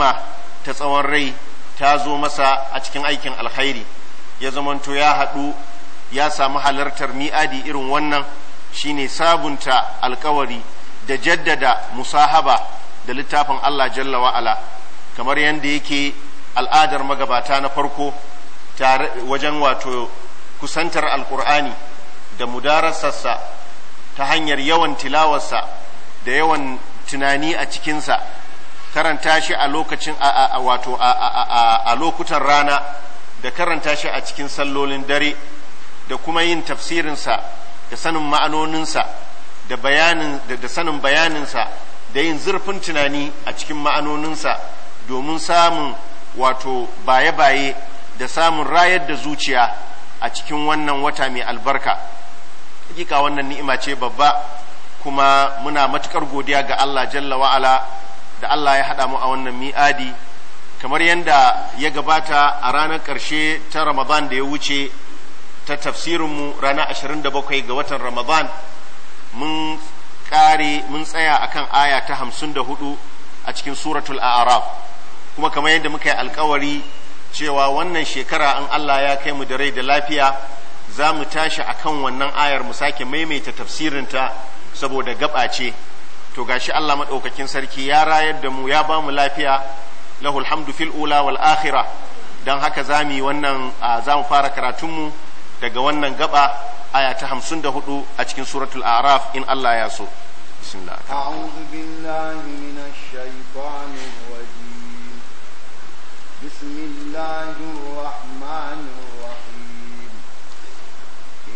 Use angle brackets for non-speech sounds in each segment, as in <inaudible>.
ni'ima ta tsawon rai ta zo masa a cikin aikin alkhairi ya zamanto ya haɗu ya samu halartar mi'adi irin wannan shine sabunta alkawari da jaddada musahaba da littafin Allah jalla wa'ala kamar yadda yake al'adar magabata na farko wajen wato kusantar alkur'ani da mudarasarsa ta hanyar yawan tilawarsa da yawan tunani a cikinsa karanta shi a lokacin wato a lokutan rana da karanta shi a cikin sallolin dare da kuma yin tafsirinsa da sanin ma'anoninsa da bayanin da sanin bayaninsa da yin zurfin tunani a cikin ma'anoninsa domin samun wato baye-baye da samun rayar da zuciya a cikin wannan wata mai albarka hakika wannan ni'ima ce babba kuma muna matukar godiya ga Allah jalla wa'ala da Allah ya haɗa mu a wannan mi'adi kamar yadda ya gabata a ranar ƙarshe ta Ramadan da ya wuce ta tafsirinmu ranar 27 ga watan Ramadan mun ƙare mun tsaya akan aya ta hamsin da hudu a cikin suratul a'raf kuma kamar yadda muka yi alkawari cewa wannan shekara an Allah ya kai mu da rai da lafiya za mu tashi kan wannan ayar mu sake maimaita tafsirinta saboda gaba ce to gashi Allah maɗaukakin sarki ya rayar da mu ya ba mu lafiya lahul hamdu fil ula wal akhirah dan haka zamu wannan za mu fara karatun mu daga wannan gaba aya ta 54 a cikin suratul a'raf in Allah ya so bismillah a'udhu billahi minash shaitanir rajim bismillahir rahmanir rahim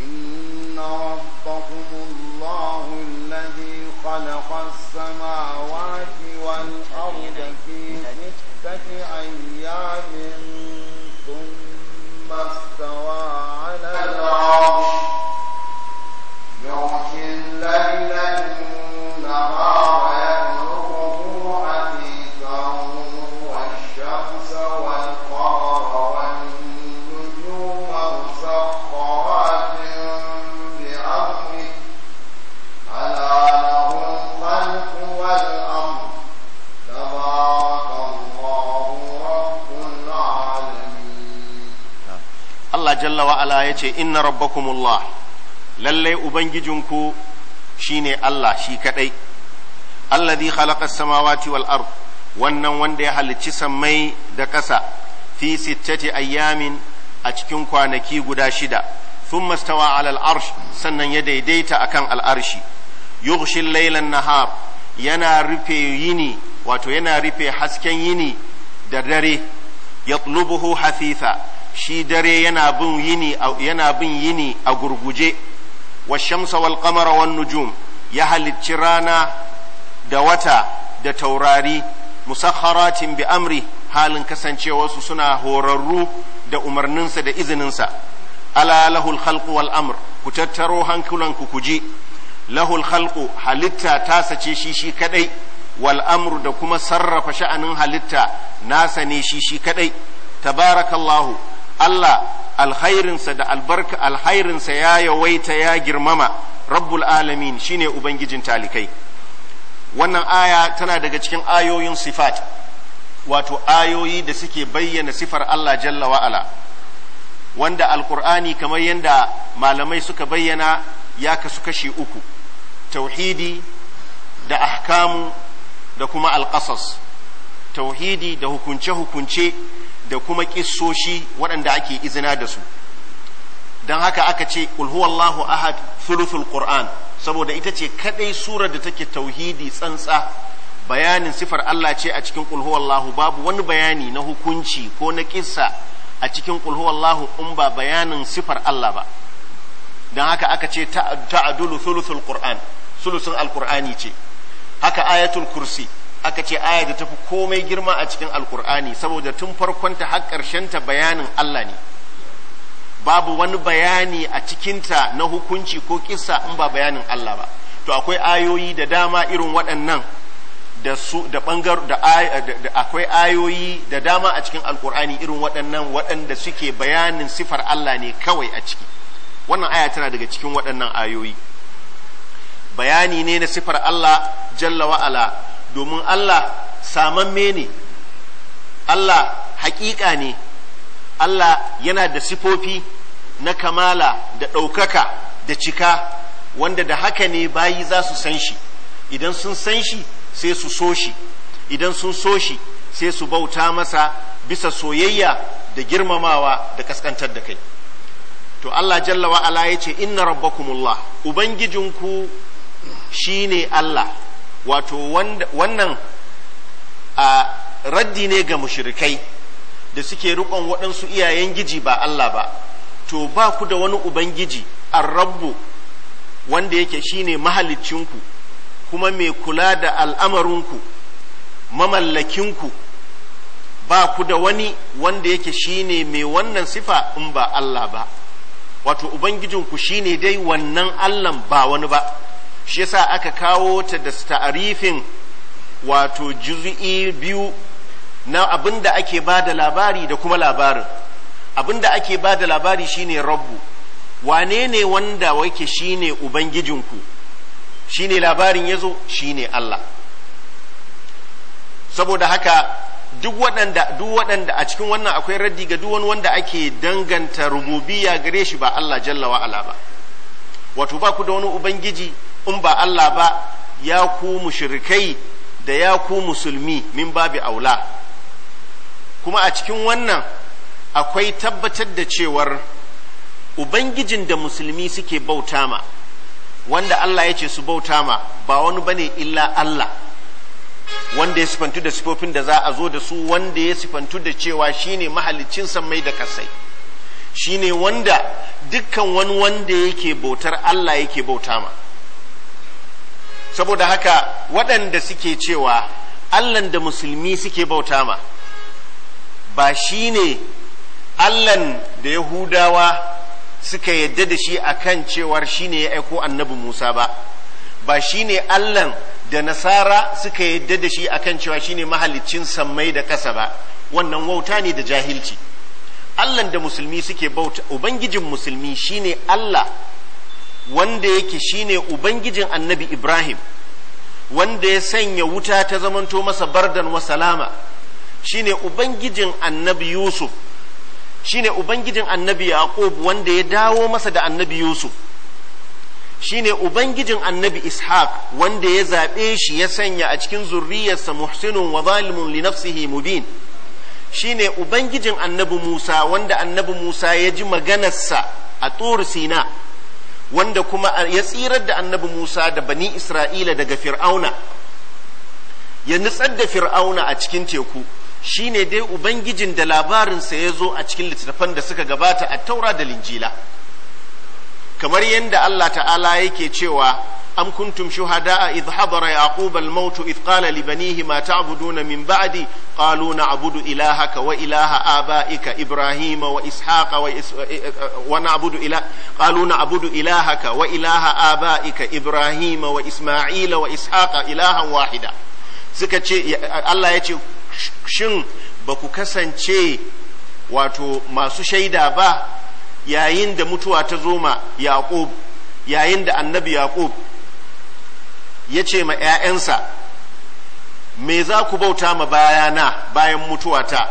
inna rabbakumullahu alladhi خلق السماوات والأرض في ستة أيام ثم استوى على العرش يغشي الليل wa'ala ya ce inna rabbakumullah lallai ubangijinku shine Allah shi kadai alladhi khalaqa samawati wal wannan wanda ya halicci sammai da ƙasa fi sittati ayyamin a cikin kwanaki guda shida thumma stawa ala arsh sannan ya daidaita akan al'arshi arshi lailan nahar yana rufe yini wato yana rufe hasken yini da dare yatlubuhu hasitha shi dare yana bin yini yana bin yini a gurguje wa shamsa wal qamara wan nujum ya halicci rana da wata da taurari musakharatin bi amri halin kasancewarsu suna horarru da umarninsa da izininsa ala lahul khalqu wal amr ku tattaro hankulanku ku je lahul khalqu halitta ta sace shi shi kadai wal amru da kuma sarrafa sha'anin halitta nasa ne shi shi kadai tabarakallahu Allah alkhairinsa da albarka alhairinsa ya yawaita ya girmama rabbul alamin shine ubangijin talikai wannan aya tana daga cikin ayoyin sifat wato ayoyi da suke bayyana sifar Allah jalla wa'ala wanda alkur'ani kamar yadda malamai suka bayyana ya kasu kashi uku tauhidi da ahkamu da kuma alkasas tauhidi da hukunce-hukunce da kuma kissoshi waɗanda ake izina da su don haka aka ce ulhuwallahu ahad thuluthul qur'an saboda ita ce kaɗai surar da take tauhidi tsantsa bayanin sifar Allah ce a cikin ulhuwallahu babu wani bayani na hukunci ko na kissa a cikin ulhuwallahu in ba bayanin sifar Allah ba don haka aka ce ta'adulu thuluthul qur'an sulusun ce haka ayatul kursi aka ce aya da tafi komai girma a cikin alkur'ani saboda tun farkonta har ta bayanin Allah ne babu wani bayani a cikinta na hukunci ko kissa in ba bayanin Allah ba to akwai ayoyi da dama irin waɗannan da su da bangar da, akwai ayoyi da dama a cikin alkur'ani irin waɗannan waɗanda suke bayanin sifar Allah ne kawai a ciki wannan aya tana daga cikin waɗannan ayoyi bayani ne na sifar Allah jalla wa'ala domin Allah samamme ne Allah haƙiƙa ne Allah yana da sifofi na kamala da ɗaukaka da cika wanda da haka ne bayi za su san shi idan sun san shi sai su so shi idan sun so shi sai su bauta masa bisa soyayya da girmamawa da kaskantar da kai to Allah jalla wa ala ce inna rabbakumullah ubangijinku shine Allah wato wannan a raddi ne ga mushirikai da suke rikon waɗansu iyayen giji ba Allah ba to ba ku da wani ubangiji rabbu wanda yake shine mahalicinku kuma mai kula da al'amarinku mamallakinku ba ku da wani wanda yake shine mai wannan sifa in ba Allah ba wato ubangijinku shine dai wannan Allahn ba wani ba shi yasa aka kawo ta da ta'arifin wato juz'i biyu na abin da ake ba da labari da kuma labarin abin da ake ba da labari shine rabbu wane ne wanda wake shine ubangijinku shine labarin zo shine Allah saboda haka duk waɗanda duk waɗanda a cikin wannan akwai raddi ga duk wani wanda ake danganta rububiyya gare shi ba Allah jalla wa ala ba wato ba ku da wani ubangiji in ba Allah ba ya ku mushrikai da ya ku musulmi min babu aula kuma a cikin wannan akwai tabbatar da cewar ubangijin da musulmi suke bauta ma wanda Allah ya ce su bauta ma ba wani bane illa Allah wanda ya sifantu da sifofin da za a zo da su wanda ya sifantu da cewa shine mahalicin mai da kasai shine wanda dukkan wani wanda yake bautar Allah yake bauta ma saboda haka waɗanda suke cewa allan da musulmi suke bauta ma ba shi ne allan da yahudawa suka yadda da shi akan cewar shi ne ya aiko annabi musa ba ba shi ne allan da nasara suka yadda da shi akan cewa shi ne mahalicin sammai da ƙasa ba wannan wauta ne da jahilci allan da musulmi suke bauta ubangijin musulmi shi ne allah wanda yake shine ubangijin annabi ibrahim wanda ya sanya wuta ta zamanto masa bardan wa salama shine ubangijin annabi yusuf shine ubangijin annabi yaqub wanda ya dawo masa da annabi yusuf shine ubangijin annabi ishaq wanda ya zaɓe shi ya sanya a cikin zurriyarsa muhsinun wa zalimun li nafsihi mubin shine ubangijin annabi musa wanda annabi musa ya ji maganarsa a tsor sina wanda kuma ya tsirar da annabi Musa da bani Isra'ila daga Fir'auna ya nutsar da Fir'auna a cikin teku shi ne dai ubangijin da labarinsa ya zo a cikin littattafan da suka gabata a taura da linjila kamar yadda Allah ta'ala yake cewa am kuntum shuhada a hadara yaqub al-maut idh qala li banihi ma ta'buduna min ba'di qalu na'budu ilahaka ilaha aba'ika wa ilaha aba'ika ibrahim eh, eh, eh, wa isma'ila wa ishaqa ilahan wahida Allah ya ce shin ba ku kasance wato masu shaida ba yayin da mutuwa ta zo ma yaqub yayin da annabi yaqub ya ce ma ‘ya'yansa, Me za ku bauta ma bayana bayan mutuwata,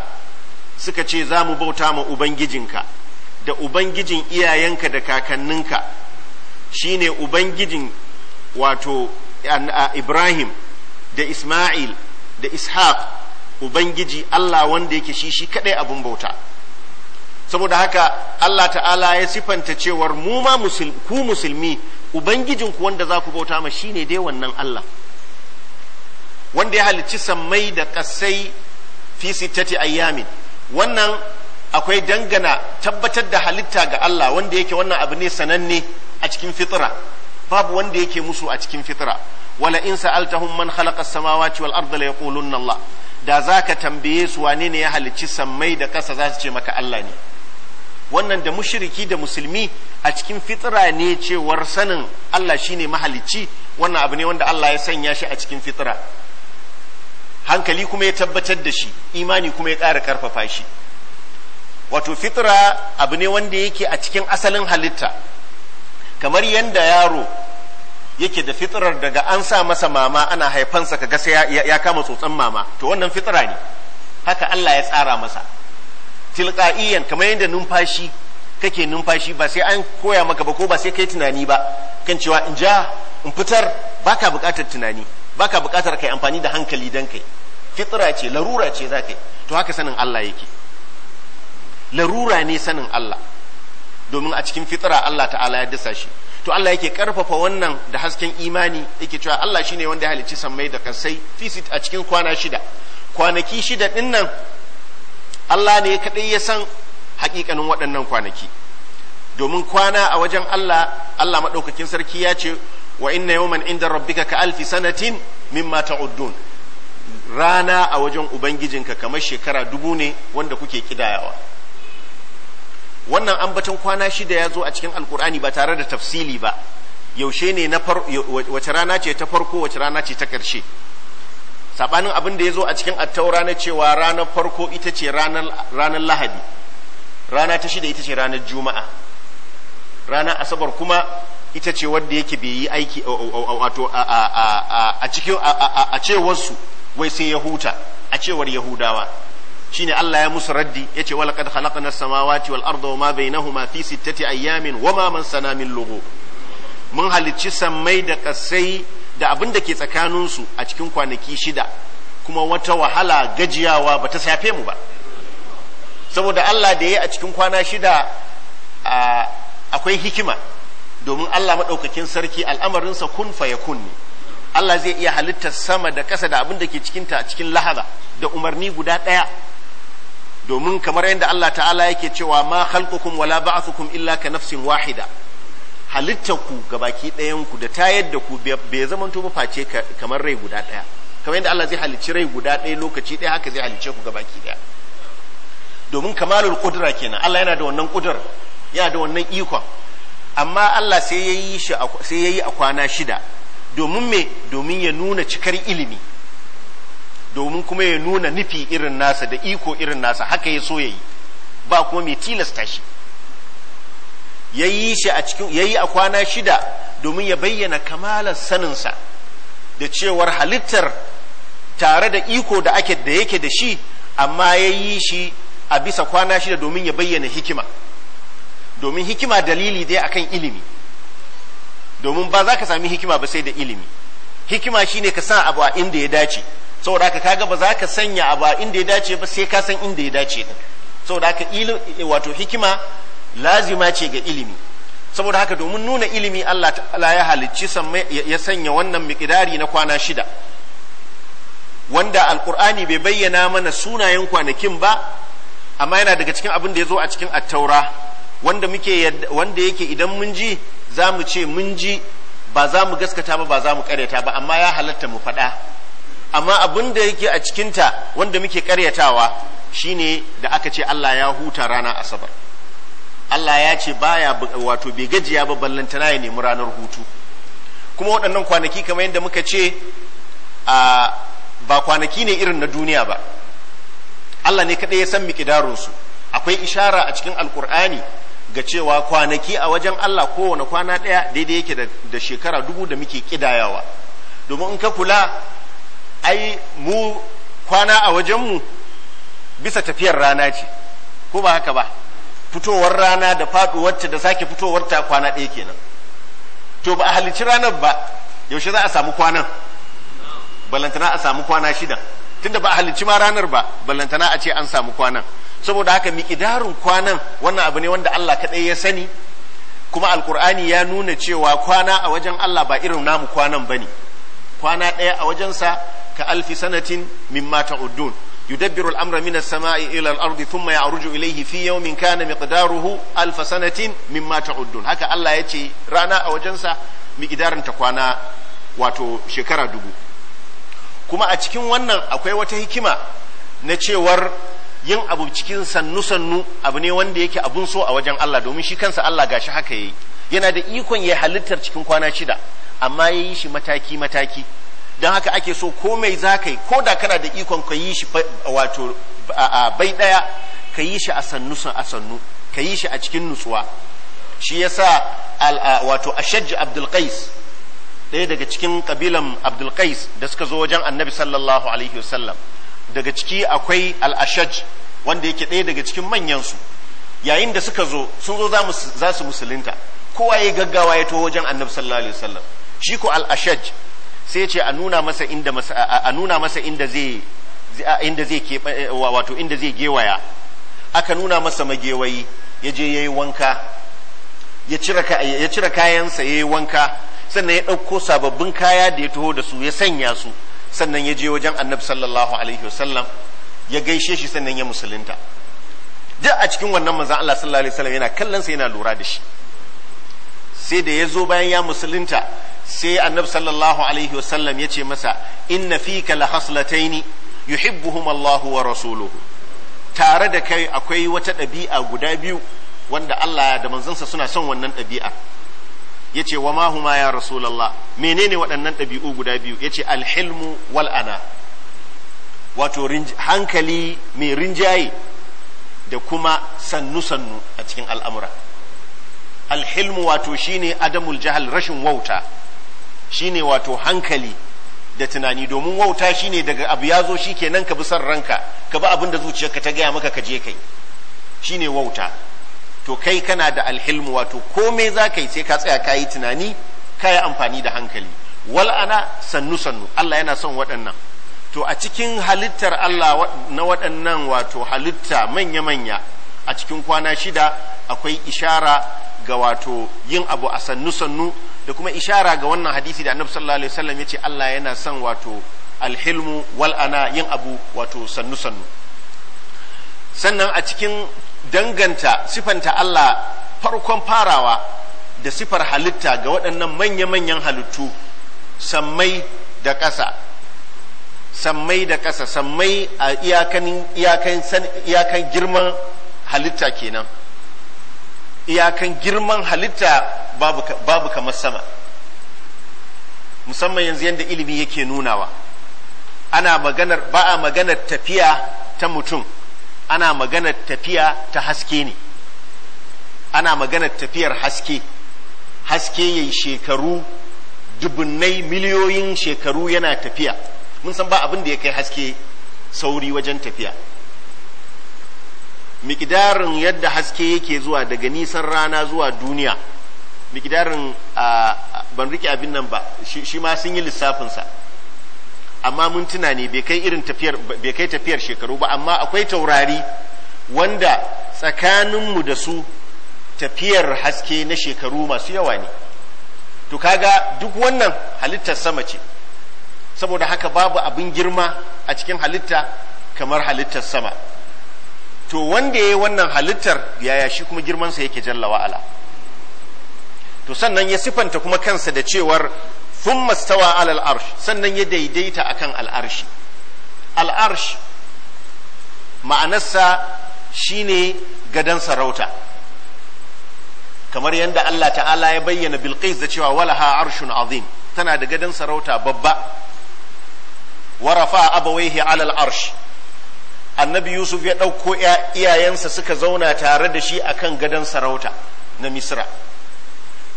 suka ce za mu bauta ma Ubangijinka, da Ubangijin iyayenka da kakanninka, shine ne Ubangijin wato Ibrahim da Ismail da Ishaq, Ubangiji Allah wanda yake shi shi kaɗai abin bauta. saboda haka Allah ta'ala ya sifanta cewar mu ma ku musulmi ubangijinku wanda za ku bauta ma shine dai wannan Allah wanda ya halicci sammai da kasai fi sittati ayyamin wannan akwai dangana tabbatar da halitta ga Allah wanda yake wannan abu ne sananne a cikin fitra babu wanda yake musu a cikin fitra wala in sa'altahum man khalaqa as-samawati wal arda la yaqulunna Allah da zaka tambaye su wane ne ya halicci sammai da ƙasa za su ce maka Allah ne wannan da mushriki da musulmi a cikin fitira ne cewar sanin Allah shine mahalicci wannan abu ne wanda Allah ya sanya shi a cikin fitira hankali kuma ya tabbatar da shi imani kuma ya ƙara ƙarfafa shi wato fitira abu ne wanda yake a cikin asalin halitta kamar yadda yaro yake da fitirar daga an sa masa mama ana haifansa ka sai ya, kama tsotsan mama to wannan fitira ne haka Allah ya tsara masa tilqa'iyan kamar yadda numfashi kake numfashi ba sai an koya maka ba ko ba sai kai tunani ba kan cewa in ja in fitar baka buƙatar tunani baka buƙatar kai amfani da hankali dan kai fitra ce larura ce za kai to haka sanin Allah yake larura ne sanin Allah domin a cikin fitra Allah ta'ala ya dasa shi to Allah yake karfafa wannan da hasken imani yake cewa Allah shine wanda ya halicci sammai da kasai fisit a cikin kwana shida kwanaki shida din nan Allah ne kaɗai ya san haƙiƙanin waɗannan kwanaki domin kwana a wajen Allah Allah maɗaukakin sarki ya ce wa inna yawman inda rabbika ka alfi sanatin min mimma uddun. rana a wajen ubangijinka kamar shekara dubu ne wanda kuke kidayawa wannan ambaton kwana shida ya zo a cikin alkur'ani ba tare da tafsili ba yaushe ne na wace rana ce ta farko wace rana ce ta ƙarshe sabanin abin da ya zo a cikin attaura na cewa ranar farko ita ce ranar lahadi rana ta shida ita ce ranar juma'a ranar asabar kuma ita ce wadda yake bai yi aiki a cikin a cewarsu wai sai ya huta a cewar yahudawa shine Allah ya musu raddi yace wala na khalaqna as-samawati wal arda wama bainahuma fi sittati wa wama man sana min lugo mun halicci sammai da kasai da abin da ke tsakaninsu a cikin kwanaki shida kuma wata wahala gajiyawa ba ta safe mu ba saboda Allah da ya a cikin kwana shida akwai hikima domin Allah maɗaukakin sarki al'amarinsa kun fa ya kun ne Allah zai iya halitta sama da ƙasa da abin da ke cikinta a cikin lahaza da umarni guda ɗaya domin kamar yadda Allah ta'ala yake cewa ma khalqukum wala ba'athukum illa ka nafsin wahida halittar ku gabaki ɗayan ku da ta yadda ku bai zamanto ba face kamar rai guda ɗaya kamar yadda Allah zai halicci rai guda ɗaya lokaci ɗaya haka zai halicce ku gabaki ɗaya domin kamalul kudura kenan Allah yana da wannan kudur yana da wannan ikon amma Allah sai ya yi shi sai ya yi a kwana shida domin me domin ya nuna cikar ilimi domin kuma ya nuna nufi irin nasa da iko irin nasa haka ya so ya yi ba kuma mai tilasta shi yayi shi a cikin yayi a kwana shida domin ya bayyana kamalar saninsa da cewar halittar tare da iko da ake da yake da shi amma yayi shi a bisa kwana shida domin ya bayyana hikima domin hikima dalili dai akan ilimi domin ba za ka sami hikima ba sai da ilimi hikima shine ka san abu a inda ya dace saboda haka kaga ba za ka sanya abu a inda ya dace ba sai ka san inda ya dace din saboda haka wato hikima lazima ce ga ilimi saboda haka domin nuna ilimi Allah ta'ala ya halicci ya sanya wannan miƙidari na kwana shida wanda alkur'ani bai bayyana mana sunayen kwanakin ba amma yana daga cikin abin da ya zo a cikin attaura wanda muke wanda yake idan mun ji za mu ce mun ji ba za mu gaskata ba ba za mu karyata ba amma ya halatta mu faɗa amma abin da yake a cikinta wanda muke karyatawa shine da aka ce Allah ya huta rana asabar Allah ya ce baya wato bai gajiya ba tana ya nemi ranar hutu kuma waɗannan kwanaki kamar yadda muka ce a ba kwanaki ne irin na duniya ba Allah ne kaɗai ya san su akwai ishara a cikin alkur'ani ga cewa kwanaki a wajen Allah kowane kwana ɗaya daidai yake da shekara dubu da muke ƙidayawa domin in ka kula ai mu kwana a wajenmu bisa tafiyar rana ce ko ba haka ba fitowar rana da faduwarta da sake fitowarta kwana ɗaya kenan to ba a halicci ranar ba yaushe za a samu kwanan ballantana a samu kwana shida tunda ba a halicci ma ranar ba ballantana a ce an samu kwanan saboda haka miƙidarun kwanan wannan abu ne wanda Allah kaɗai ya sani kuma alkur'ani ya nuna cewa kwana a wajen Allah ba irin namu kwanan bane kwana ɗaya a wajensa ka alfi sanatin mimma ta'uddun يدبر الأمر من السماء إلى الأرض ثم يعرج إليه في يوم كان مقداره ألف سنة مما تعدون هكا الله يتي رانا أو جنسا مقدار تقوانا واتو شكرا دبو كما أتكين وانا أكوي وتهكما نتشور yin abu cikin sannu-sannu abu ne wanda yake abun so a wajen Allah domin shi kansa Allah gashi haka yayi yana da ikon ya halittar cikin kwana shida amma ya yi shi mataki-mataki don haka ake so ko mai za ka yi ko da kana da ikon ka yi shi wato bai ɗaya ka yi shi a sannu a sannu ka yi shi a cikin nutsuwa shi ya sa wato ashaj abdulkais ɗaya daga cikin kabilan abdulkais da suka zo wajen annabi sallallahu alaihi wasallam daga ciki akwai al'ashaj wanda yake ɗaya daga cikin manyansu yayin da suka zo sun zo za su musulunta kowa ya gaggawa ya to wajen annabi sallallahu alaihi wasallam shi ko al'ashaj sai ce a nuna masa inda a nuna masa inda zai inda zai ke eh, wato inda zai gewaya aka nuna masa magewayi ya je yayi wanka ya cire ya cire kayansa yayi wanka sannan ya ɗauko sababbin kaya da ya taho da su ya sanya su sannan ya je wajen annabi sallallahu alaihi wasallam ya gaishe shi sannan ya musulunta duk a cikin wannan manzon Allah sallallahu alaihi wasallam yana kallon sa yana lura da shi sai da ya zo bayan ya musulunta sai annabi sallallahu alaihi wasallam ya ce masa inna fika la haslataini yuhibbuhum Allahu wa rasuluhu tare da kai akwai wata ɗabi'a guda biyu wanda Allah da manzansa suna son wannan ɗabi'a yace wa ma huma ya rasulullah menene waɗannan ɗabi'u guda biyu yace alhilmu wal ana wato hankali mai rinjaye da kuma sannu sannu a cikin al'amura alhilmu wato shine adamul jahal rashin wauta shine wato hankali da tunani domin wauta shine daga abu ya zo shikenan ka bi san ranka ka bi abin da zuciyarka ta gaya maka ka je kai shine wauta to kai kana da alhilmu wato komai za ka sai ka tsaya ka tunani ka amfani da hankali wal ana sannu sannu Allah yana son waɗannan to a cikin halittar Allah na waɗannan wato halitta manya manya a cikin kwana shida akwai ishara ga wato yin abu a sannu sannu da kuma ishara ga wannan hadisi da annabi sallallahu alaihi wasallam yace Allah yana son wato alhilmu wal ana yin abu wato sannu sannu sannan a cikin danganta sifanta Allah farkon farawa da sifar halitta ga waɗannan manya-manyan halittu sammai da ƙasa sammai da ƙasa sammai a iyakan girman halitta kenan iyakan girman halitta babu kamar sama musamman yanzu yadda ilimi yake nunawa ana maganar ba a maganar tafiya ta mutum ana maganar tafiya ta haske ne ana maganar tafiyar haske haske yayi shekaru dubunnai miliyoyin shekaru yana tafiya mun san ba abin da ya kai haske sauri wajen tafiya mikidarin yadda haske yake zuwa daga nisan rana zuwa duniya mikidarin ban rike abin nan ba shi ma sun yi lissafinsa amma mun tuna ne bai kai tafiyar tafiyar shekaru ba amma akwai taurari wanda tsakaninmu da su tafiyar haske na shekaru masu yawa ne to kaga duk wannan halittar sama ce saboda haka babu abin girma a cikin halitta kamar halittar sama to wanda ya yi wannan halittar yaya shi kuma girmansa yake jalla wa'ala to sannan ya sifanta kuma kansa da cewar sun mastawa alal arsh sannan ya daidaita akan al'arshi al'arsh ma'anarsa shine gadon sarauta kamar yadda Allah ta'ala ya bayyana bilqis da cewa walaha arshun azim tana da gadon sarauta babba warafa abawaihi alal arsh annabi yusuf ya ɗauko iyayensa suka zauna tare da shi akan gadon sarauta na misra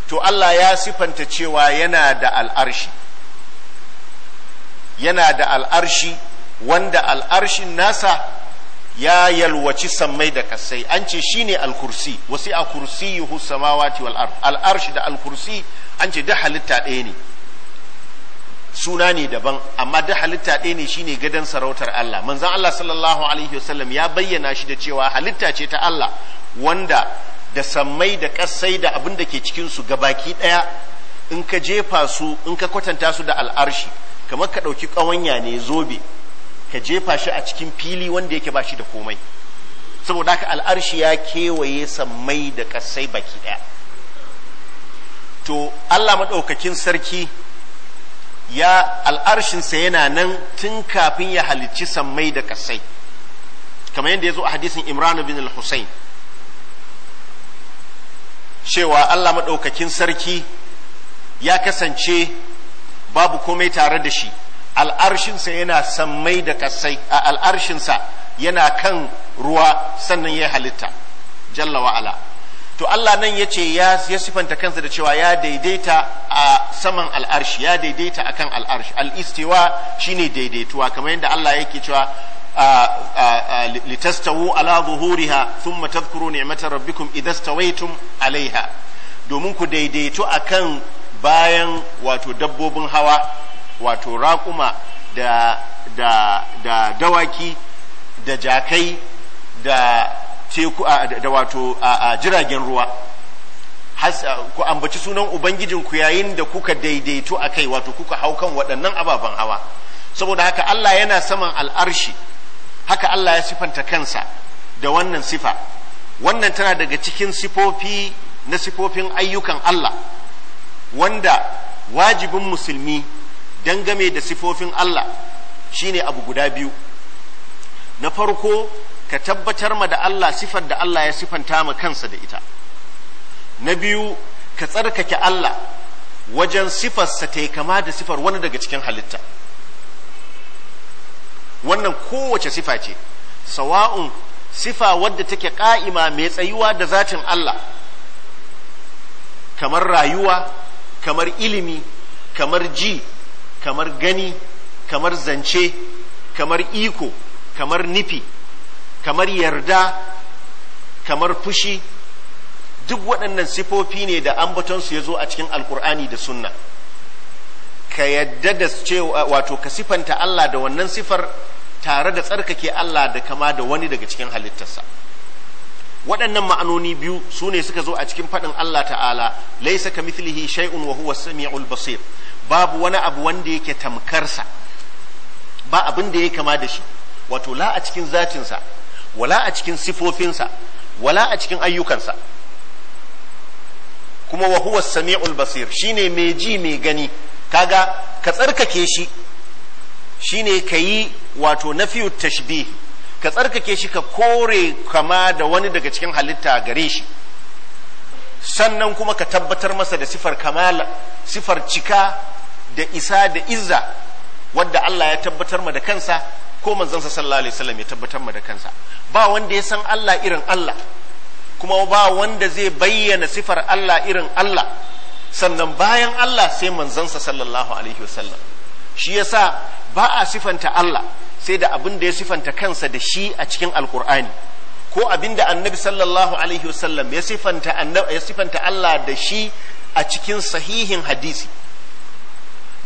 to allah ya sifanta cewa yana da al'arshi yana da al'arshi wanda al'arshin nasa ya yalwaci sammai da kasai an ce shi ne alkursi wasu a kursi yi samawati wal al'arshi da alkursi an ce da halitta ɗaya ne suna ne daban amma duk halitta ɗaya ne shine gadon sarautar Allah manzon Allah sallallahu alaihi wasallam ya bayyana shi da cewa halitta ce ta Allah wanda da sammai da kasai da abin da ke cikin su gabaki ɗaya in ka jefa su in ka kwatanta su da al'arshi kamar ka ɗauki ƙawanya ne zobe ka jefa shi a cikin fili wanda yake ba shi da komai saboda haka al'arshi ya kewaye sammai da kasai baki ɗaya to Allah maɗaukakin sarki ya al'arshinsa yana nan tun kafin ya halicci sammai da kasai kamar yadda ya zo a hadisin imran bin al-husayn cewa allah maɗaukakin sarki ya kasance babu komai tare da shi al'arshinsa yana sammai da kasai a al'arshinsa yana kan ruwa sannan ya halitta jalla wa'ala to Allah nan ya ce ya sifanta kansa da cewa ya daidaita a saman al'arshi ya daidaita a akan al'arshi shi shine daidaituwa kamar yadda Allah yake cewa litastawu ala zuhuriha matazkuru ne mata rabbikum idza alaiha domin ku daidaitu kan bayan wato dabbobin hawa wato raƙuma da da dawaki da jakai da teku da wato a jiragen ruwa ku ambaci sunan ubangijinku yayin da kuka daidaito a kai wato kuka hau kan waɗannan ababen hawa saboda haka Allah yana saman al'arshi haka Allah ya sifanta kansa da wannan sifa wannan tana daga cikin sifofi na sifofin ayyukan Allah wanda wajibin musulmi dangame da sifofin Allah shine abu guda biyu na farko ka tabbatar ma da Allah sifar da Allah ya sifanta ma kansa da ita na biyu ka tsarkake Allah wajen sifarsa ta kama da sifar wani daga cikin halitta wannan kowace sifa ce sawa'un sifa wadda take ka'ima mai tsayuwa da zatin Allah kamar rayuwa kamar ilimi kamar ji kamar gani kamar zance kamar iko kamar nifi kamar yarda kamar fushi duk waɗannan sifofi ne da ambatonsu ya zo a cikin alkur'ani da sunna ka yadda da cewa wato ka sifanta Allah da wannan sifar tare da tsarkake Allah da kama da wani daga cikin halittarsa waɗannan ma'anoni biyu su ne suka zo a cikin faɗin Allah ta'ala laisa ka mithlihi shay'un wa huwa samiul basir babu wani abu wanda yake tamkarsa ba abin da ya kama da shi wato la a cikin zatinsa wala a cikin sifofinsa wala a cikin ayyukansa kuma wa huwa sami'ul basir shine mai ji mai gani kaga ka tsarkake shi shine ka yi wato nafiyu tashbih ka tsarkake shi ka kore kama da wani daga cikin halitta gare shi sannan kuma ka tabbatar masa da sifar kamala sifar cika da isa da izza wanda Allah ya tabbatar ma da kansa ko sa sallallahu alaihi wasallam ya tabbatar ma da kansa ba wanda ya san Allah irin Allah kuma ba wanda zai bayyana sifar Allah irin Allah sannan bayan Allah sai sa sallallahu alaihi wasallam shi yasa ba a sifanta Allah sai da abin da ya sifanta kansa da shi a cikin alkur'ani ko abin da annabi sallallahu alaihi wasallam ya sifanta ya sifanta Allah da shi a cikin sahihin hadisi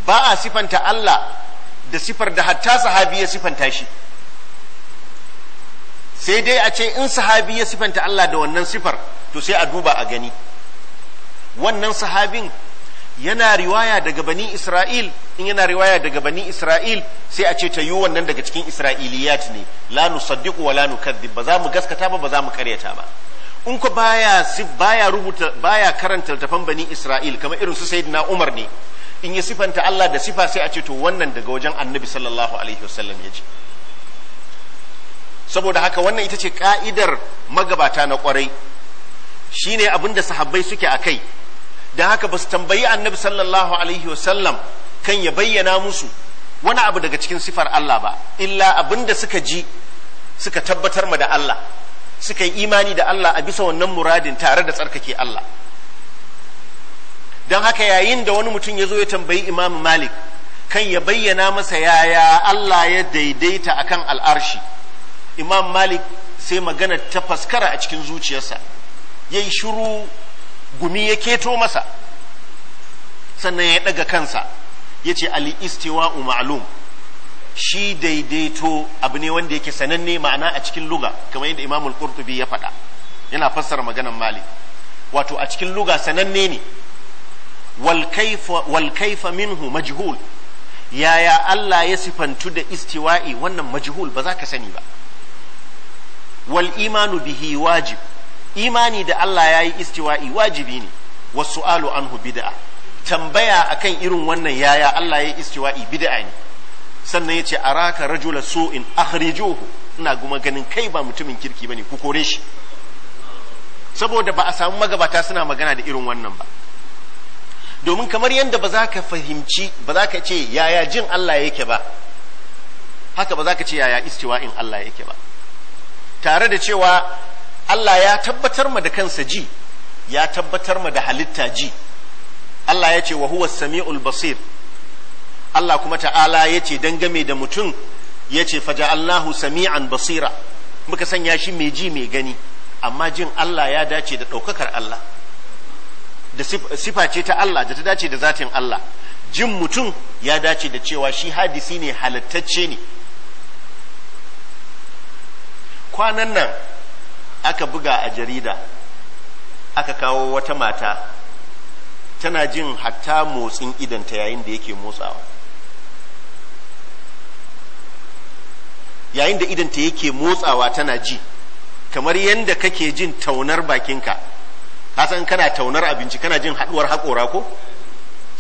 ba a sifanta Allah da sifar da hatta sahabi ya sifanta shi sai dai a ce in sahabi ya sifanta Allah da wannan sifar to sai a duba a gani wannan sahabin yana riwaya daga bani Isra'il in yana riwaya daga bani Isra'il sai a ce ta yi wannan daga cikin Isra'iliyat ne la nusaddiqu wa la nukadzib ba za mu gaskata ba ba za mu karyata ba in ko baya baya rubuta baya karanta littafan bani Isra'il kamar irin su sayyidina Umar ne in ya sifanta Allah da sifa sai a ce to wannan daga wajen annabi sallallahu alaihi wasallam ya ce saboda haka wannan ita ce ka'idar magabata na kwarai shine abin da sahabbai suke a kai da haka ba su tambayi annabi sallallahu alaihi wasallam kan ya bayyana musu wani abu daga cikin sifar Allah ba illa abin da suka ji suka tabbatar ma da Allah suka yi imani da Allah a bisa wannan muradin tare da tsarkake Allah don haka yayin da wani mutum ya zo ya tambayi imamu malik kan ya bayyana masa yaya Allah ya daidaita akan al'arshi imam malik sai magana ta faskara a cikin zuciyarsa ya yi shuru gumi ya keto masa sannan ya ɗaga kansa ya ce al'istiwa ma'lum shi daidaito abu ne wanda yake sananne ma'ana a cikin luga kamar yadda imamul ƙurtubi ya faɗa yana fassara maganan malik wato a cikin luga sananne ne wal kaifa minhu majhul yaya Allah ya sifantu da istiwa'i wannan majhul ba za ka sani ba wal imanu bihi wajib imani da Allah ya yi istiwa'i wajibi ne wasu alu anhu bid'a tambaya akan irin wannan yaya Allah ya yi istiwa'i bid'a ne sannan ya ce araka rajula su'in akhrijuhu ina kuma ganin kai ba mutumin kirki bane ku kore shi saboda ba a samu magabata suna magana da irin wannan ba domin kamar yadda ba za ka fahimci ba za ka ce yaya jin Allah yake ba haka ba za ka ce yaya istiwa in Allah yake ba tare da cewa Allah ya tabbatar ma da kansa ji ya tabbatar ma da halitta ji Allah ya ce wa huwa sami'ul basir Allah kuma ta'ala ya ce game da mutum ya ce faja faja'allahu sami'an basira muka sanya shi mai ji mai gani amma jin Allah ya dace da ɗaukakar Allah da sifa ce ta Allah da ta dace da zatin Allah jin mutum ya dace da cewa shi hadisi ne halittacce ne kwanan nan aka buga a jarida aka kawo wata mata tana jin hatta motsin idanta yayin da yake motsawa yayin da idanta yake motsawa tana ji kamar yadda kake jin taunar bakinka ka san kana taunar abinci kana jin haduwar haƙora ko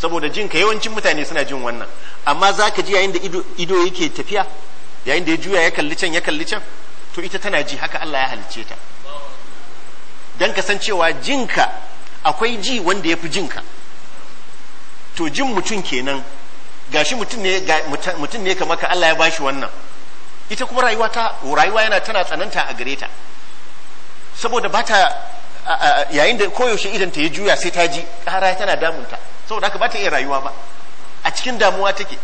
saboda jin ka yawancin mutane suna jin wannan amma za ka ji yayin da ido yake tafiya yayin da ya juya ya kalli can ya kalli can to ita tana ji haka Allah ya halice ta dan ka san cewa jinka akwai ji wanda ya fi ka to jin mutum kenan gashi mutum ne mutum ne kamar ka Allah ya bashi wannan ita kuma rayuwa ta rayuwa yana tana tsananta a gareta ta saboda bata yayin da koyaushe idan ta ya juya sai ta ji ƙara tana damunta saboda haka ba ta iya rayuwa ba a cikin damuwa take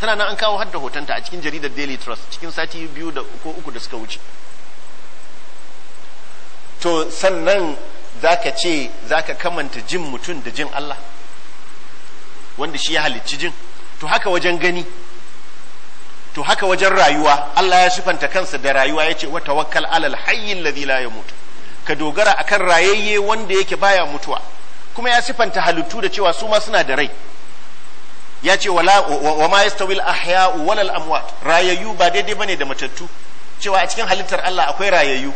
tana nan an kawo hadda hotonta a cikin jaridar daily trust cikin sati biyu da ko uku da suka wuce to sannan zaka ce zaka kamanta jin mutum da jin Allah wanda shi ya halicci jin to haka wajen gani to haka wajen rayuwa Allah ya sifanta kansa da rayuwa yace wa tawakkal alal hayyil ladhi la yamut ka dogara akan rayayye wanda yake baya mutuwa kuma ya sifanta halittu da cewa su ma suna da rai ya ce wa ma yastawil ahya'u wal amwat rayayyu ba daidai bane da matattu cewa a cikin halittar Allah akwai rayayyu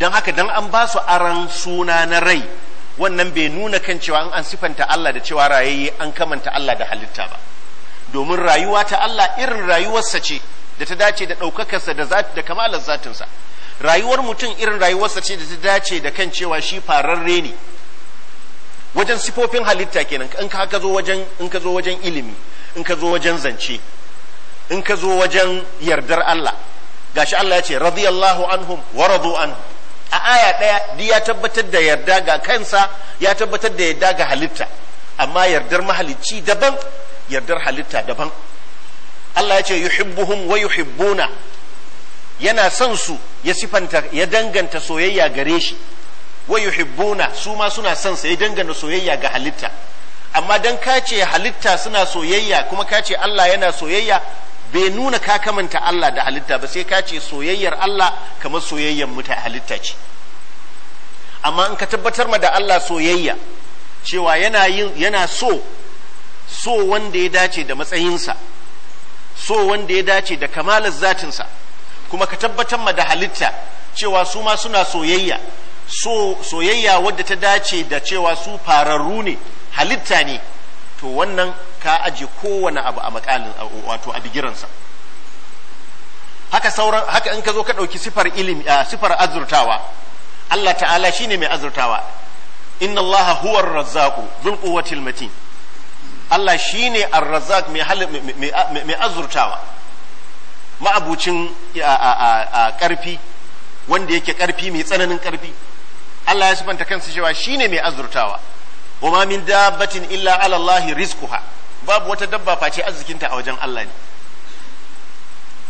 don haka don an ba su aran suna na rai wannan bai nuna kan cewa an sifanta Allah da cewa rayayye an kamanta Allah da halitta ba domin rayuwa ta Allah irin rayuwarsa ce da ta dace da ɗaukakarsa da kamalar zatinsa rayuwar mutum irin rayuwarsa ce da ta dace da kan cewa shi fararre ne wajen sifofin halitta kenan in ka zo wajen in ka zo wajen ilimi in ka zo wajen zance in ka zo wajen yardar Allah gashi Allah ya ce radiyallahu anhum wa radu an a aya daya di ya tabbatar da yarda ga kansa ya tabbatar da yarda ga halitta amma yardar mahalicci daban yardar halitta daban Allah ya ce yuhibbuhum wa yuhibbuna yana son su ya sifanta ya danganta soyayya gare shi wa yuhibbuna su ma suna son sa ya danganta soyayya ga halitta amma dan ka ce halitta suna soyayya kuma ka ce Allah yana soyayya bai nuna ka kamanta Allah da halitta ba sai ka ce soyayyar Allah kamar soyayyar muta halitta ce amma in ka tabbatar ma da Allah soyayya cewa yana yin yana so so wanda ya dace da matsayinsa so wanda ya dace da kamalar zatinsa kuma ka tabbatar ma da halitta cewa su ma suna soyayya so soyayya wadda ta dace da cewa su fararru ne halitta ne to wannan ka aje kowane abu a makalin wato a sa. haka sauran haka in ka zo ka ɗauki sifar ilimi sifar azurtawa Allah ta'ala shine mai azurtawa inna Allah huwar razzaku razzaqu quwwatil matin Allah shine ar-razzaq mai azurtawa ma'abucin ƙarfi wanda yake ƙarfi mai tsananin ƙarfi Allah ya sifanta kansa cewa shine mai azurtawa wa ma min dabbatin illa ala Allah rizquha babu wata dabba face arzikinta a wajen Allah ne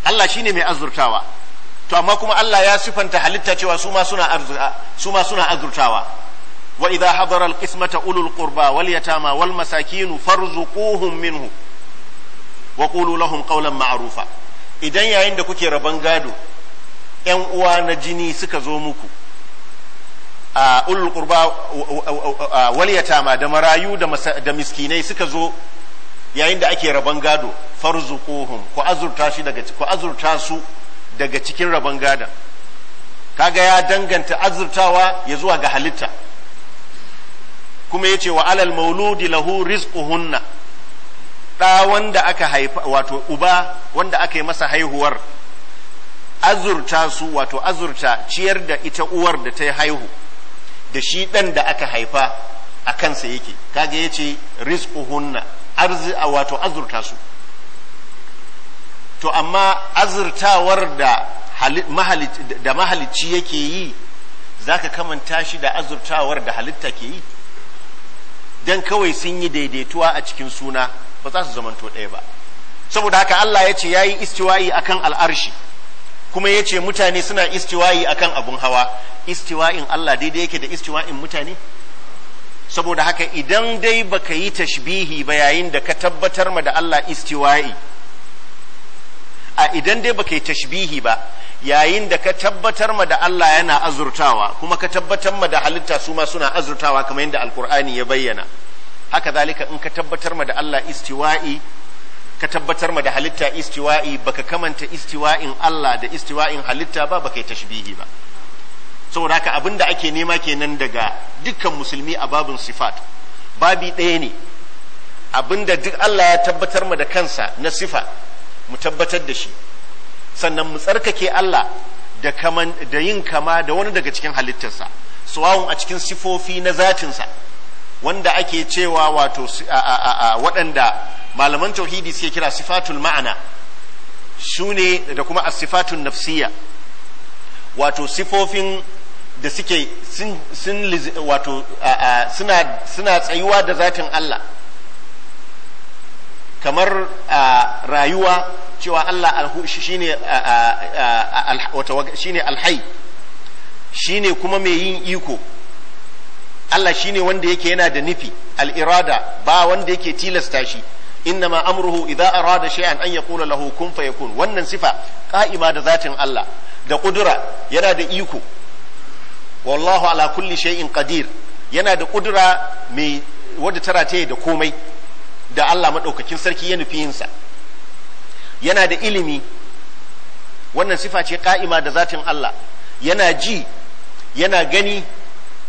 Allah shine mai azurtawa to amma kuma Allah ya sifanta halitta cewa su ma suna su ma suna azurtawa wa idha hadara al ulul qurba wal yatama wal masakin farzuquhum minhu wa qulu lahum qawlan ma'rufa idan yayin da kuke rabon gado ‘yan uwa na jini suka zo muku a waliyata walyatama da marayu da miskinai suka zo yayin da ake rabon gado farzu ku azurta ku azurta su daga cikin rabon gadon kaga ya danganta azurtawa ya zuwa ga halitta kuma yace wa alal mauludi lahu rizquhunna ɗa wanda aka haifa wato uba wanda aka yi masa haihuwar azurta su wato azurta ciyar da ita uwar da ta haihu da shi ɗan da aka haifa a kansa yake kaga ya ce rizquhunna arzi wato azurta su to amma azurtawar da da mahalicci yake yi zaka kamanta shi da azurtawar da halitta ke yi dan kawai sun yi daidaituwa a cikin suna ba za su zamanto ɗaya ba saboda haka Allah ya ce ya yi istiwa'i kan al'arshi kuma ya ce mutane suna istiwa'i kan abun hawa istiwa'in Allah daidai yake da istiwa'in mutane saboda haka idan dai baka yi tashbihi ba yayin da ka tabbatar ma da Allah istiwa'i a idan dai baka yi tashbihi ba yayin da ka tabbatar ma da Allah yana azurtawa kuma ka tabbatar ma da halitta su ma suna azurtawa kamar yadda alkur'ani ya bayyana haka zalika in ka tabbatar ma da Allah istiwa'i ka tabbatar ma da halitta istiwa'i baka kamanta istiwa'in Allah da istiwa'in halitta ba baka yi tashbihi ba saboda haka abinda da ake nema kenan daga dukkan musulmi a babin sifat babi ɗaya ne abinda duk Allah ya tabbatar ma da kansa na sifa mu tabbatar da shi sannan mu tsarkake Allah da kaman da yin kama da wani daga cikin halittarsa suwawun a cikin sifofi na zatinsa wanda ake cewa wato waɗanda malaman tauhidi suke kira sifatul ma'ana su ne da kuma asifatun nafsiya wato sifofin da suke sun wato suna tsayuwa da zatin Allah kamar rayuwa cewa Allah shine shine alhai shine kuma mai yin iko Allah ne wanda yake yana da nufi al-irada ba wanda yake tilasta shi innama amruhu idza arada shay'an an yaqula lahu kun fayakun wannan sifa qa'ima da zatin Allah da kudura yana da iko wallahu ala kulli shay'in qadir yana da kudura mai wadda tara ta da komai da Allah madaukakin sarki ya nufi yinsa yana da ilimi wannan sifa ce ka'ima da zatin Allah yana ji yana gani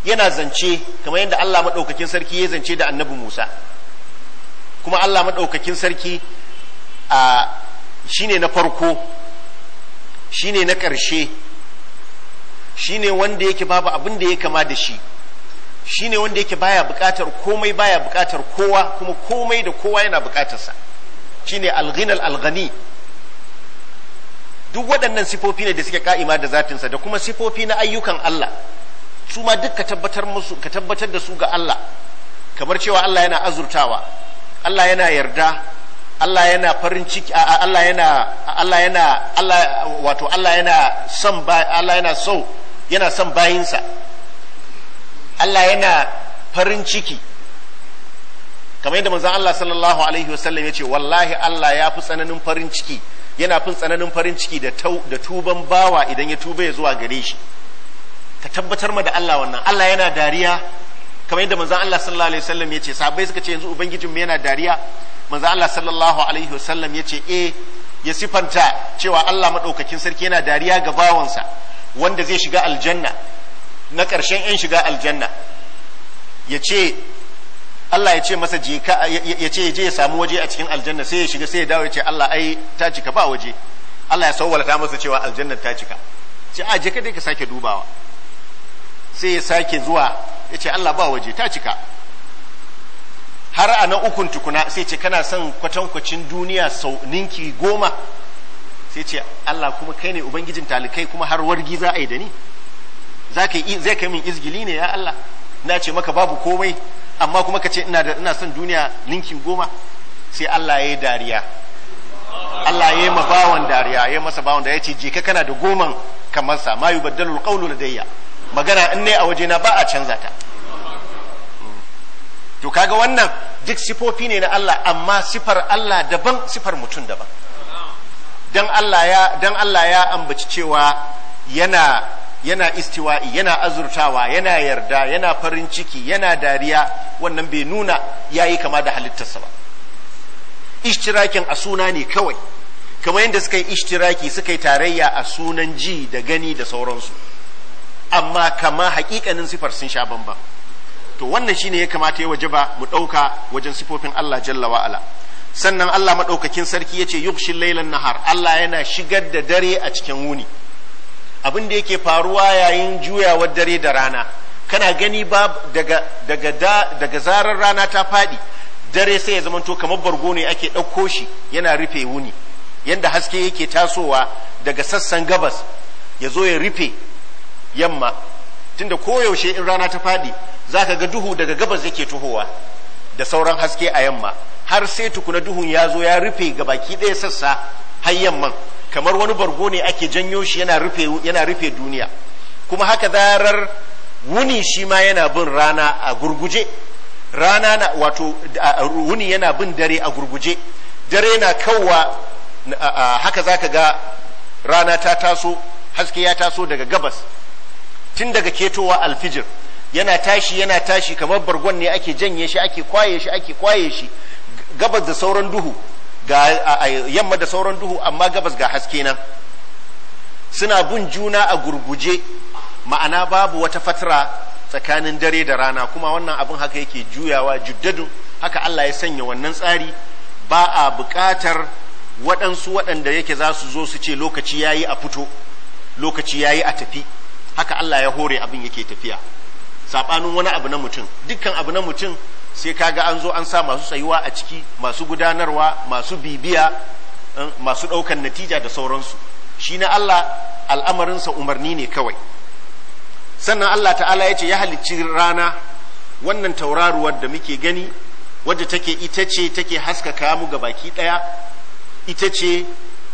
yana zance kamar yadda Allah maɗaukakin sarki ya zance da annabi Musa kuma Allah maɗaukakin sarki a shine na farko shine na ƙarshe shine wanda yake babu abin da ya kama da shi shine wanda yake baya buƙatar komai baya buƙatar kowa kuma komai da kowa yana buƙatarsa shine alghinal alghani duk waɗannan sifofi ne da suke ka'ima da zatinsa da kuma sifofi na ayyukan Allah su ma duk ka tabbatar da su ga Allah kamar cewa Allah yana azurtawa Allah yana yarda Allah yana farin ciki Allah yana Allah yana Allah wato Allah yana son Allah yana so yana son bayinsa Allah yana farin ciki kamar yadda manzon Allah sallallahu alaihi wasallam ya ce wallahi Allah ya fi tsananin farin ciki yana fi tsananin farin ciki da tuban bawa idan ya tuba ya zuwa gare shi ka tabbatar ma da Allah wannan Allah yana dariya kamar yadda manzon Allah sallallahu alaihi wasallam yace sahabbai suka ce yanzu ubangijinmu yana dariya manzon Allah sallallahu alaihi wasallam yace eh ya sifanta cewa Allah maɗaukakin sarki yana dariya ga bawansa wanda zai shiga aljanna na ƙarshen 'yan shiga aljanna ya ce Allah ya ce masa jeka ya ce je ya samu waje a cikin aljanna sai ya shiga sai ya dawo ya ce Allah ai ta cika ba waje Allah ya sawwala ta masa cewa aljannar ta cika ce a je ka dai ka sake dubawa sai ya sake zuwa ya ce Allah ba waje ta cika har a na ukun tukuna sai ce kana son kwatankwacin duniya sau ninki goma sai ce Allah kuma kai ne ubangijin talikai kuma har wargi za a yi da ni zai kai min izgili ne ya Allah na ce maka babu komai amma kuma ka ce ina son duniya ninki goma sai Allah ya yi dariya Allah ya yi ma bawan dariya ya yi masa bawan da ya ce je ka kana da goman kamar sa ma yubaddalul qawlu ladayya magana in ne a wajena ba a canza ta to kaga wannan duk sifofi ne na Allah amma sifar Allah daban sifar mutum daban dan Allah ya dan Allah ya ambaci cewa yana yana istiwa'i yana azurtawa yana yarda yana farin ciki yana dariya wannan bai nuna yayi kama da halittarsa ba ishtirakin a suna ne kawai kamar yadda suka yi ishtiraki suka yi tarayya a sunan ji da gani da sauransu amma kama hakikanin sifar sun sha bamban to wannan shine ya kamata ya waje ba mu ɗauka wajen sifofin Allah jalla wa sannan Allah maɗaukakin sarki ya ce yughshil laylan nahar Allah yana shigar da dare a cikin wuni abin da yake faruwa yayin juyawar dare da rana kana gani ba daga zarar rana ta faɗi dare sai ya zamanto kamar bargo ne ake ɗauko shi yana rufe wuni yanda haske yake tasowa daga sassan gabas ya zo ya rufe yamma tunda koyaushe in rana ta faɗi zaka ga duhu daga gabas yake tuhowa da sauran haske a yamma har sai tukuna duhun ya zo ya rufe ga baki ɗaya sassa har yamman kamar wani bargo ne ake janyo shi yana rufe yana rufe duniya kuma haka zarar wuni shi ma yana bin rana a gurguje rana na wato wuni yana bin dare a gurguje dare na kawwa haka zaka ga rana ta taso haske ya taso daga gabas tun daga ketowa alfijir yana tashi yana tashi kamar bargon ne ake janye shi ake kwaye shi ake kwaye shi gabas da sauran duhu ga yamma da sauran duhu amma gabas ga haske nan suna bin juna a gurguje ma'ana babu wata fatara tsakanin dare da rana kuma wannan abin haka yake juyawa juddadu haka Allah ya sanya wannan tsari ba a buƙatar waɗansu waɗanda yake za su zo su ce lokaci yayi a fito lokaci yayi a tafi haka Allah ya hore abin yake tafiya saɓanin wani abu na mutum dukkan abu na mutum sai kaga an zo an sa masu tsayuwa a ciki masu gudanarwa masu bibiya eh, masu ɗaukan natija da sauransu shi na Allah al'amarinsa umarni ne kawai sannan Allah ta'ala ya ce ya halicci rana wannan tauraruwar da muke gani wadda take ita ce take haskaka mu ga baki ɗaya ita ce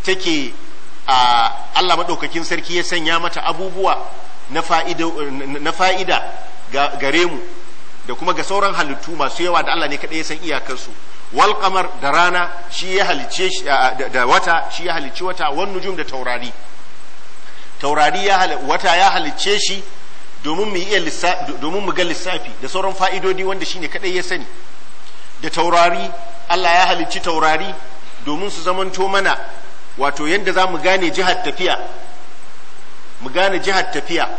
take Allah maɗaukakin sarki ya sanya mata abubuwa na fa'ida gare mu da kuma ga sauran halittu masu yawa da Allah ne kaɗai ya san iyakarsu wal da rana shi ya halice da wata shi ya halice wata wan nujum da taurari taurari wata ya halice shi domin mu ga lissafi da sauran fa'idodi wanda shi ne kaɗai ya sani da taurari Allah ya halicci taurari domin su zamanto mana wato yadda za mu gane jihar tafiya mu gane jihar tafiya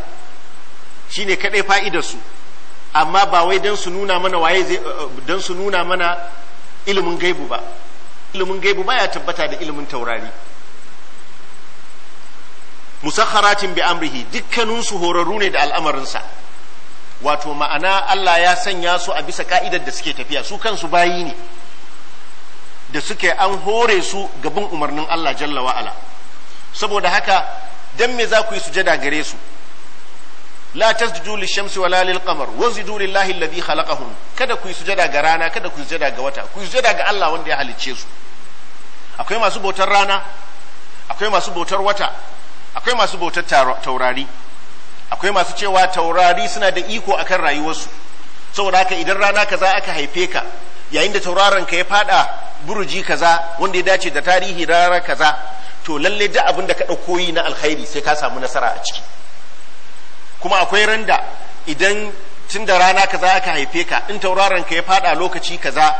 shine kadai fa'idar su amma ba wai don su nuna mana waye zai don su nuna mana ilimin gaibu ba ilimin gaibu ba ya tabbata da ilimin taurari musakharatin bi amrihi dukkaninsu horarru ne da al'amarinsa wato ma'ana Allah ya sanya su a bisa ka'idar da suke tafiya su kansu bayi ne da suke an hore su gaban umarnin Allah jalla wa'ala saboda haka dan me za ku yi sujada gare su la tasjudu lishamsi wala lilqamar wasjudu lillahi alladhi khalaqahum kada ku yi sujada ga rana kada ku yi sujada ga wata ku yi sujada ga Allah wanda ya halicce su akwai masu bautar rana akwai masu bautar wata akwai masu bautar taurari akwai masu cewa taurari suna da iko akan rayuwarsu saboda haka idan rana kaza aka haife ka yayin da tauraron ka ya fada buruji kaza wanda ya dace da tarihi rara kaza to lalle da abin da ka ɗauko yi na alkhairi sai ka samu nasara a ciki kuma akwai randa idan tun da rana kaza aka haife ka in tauraron ka ya fada lokaci kaza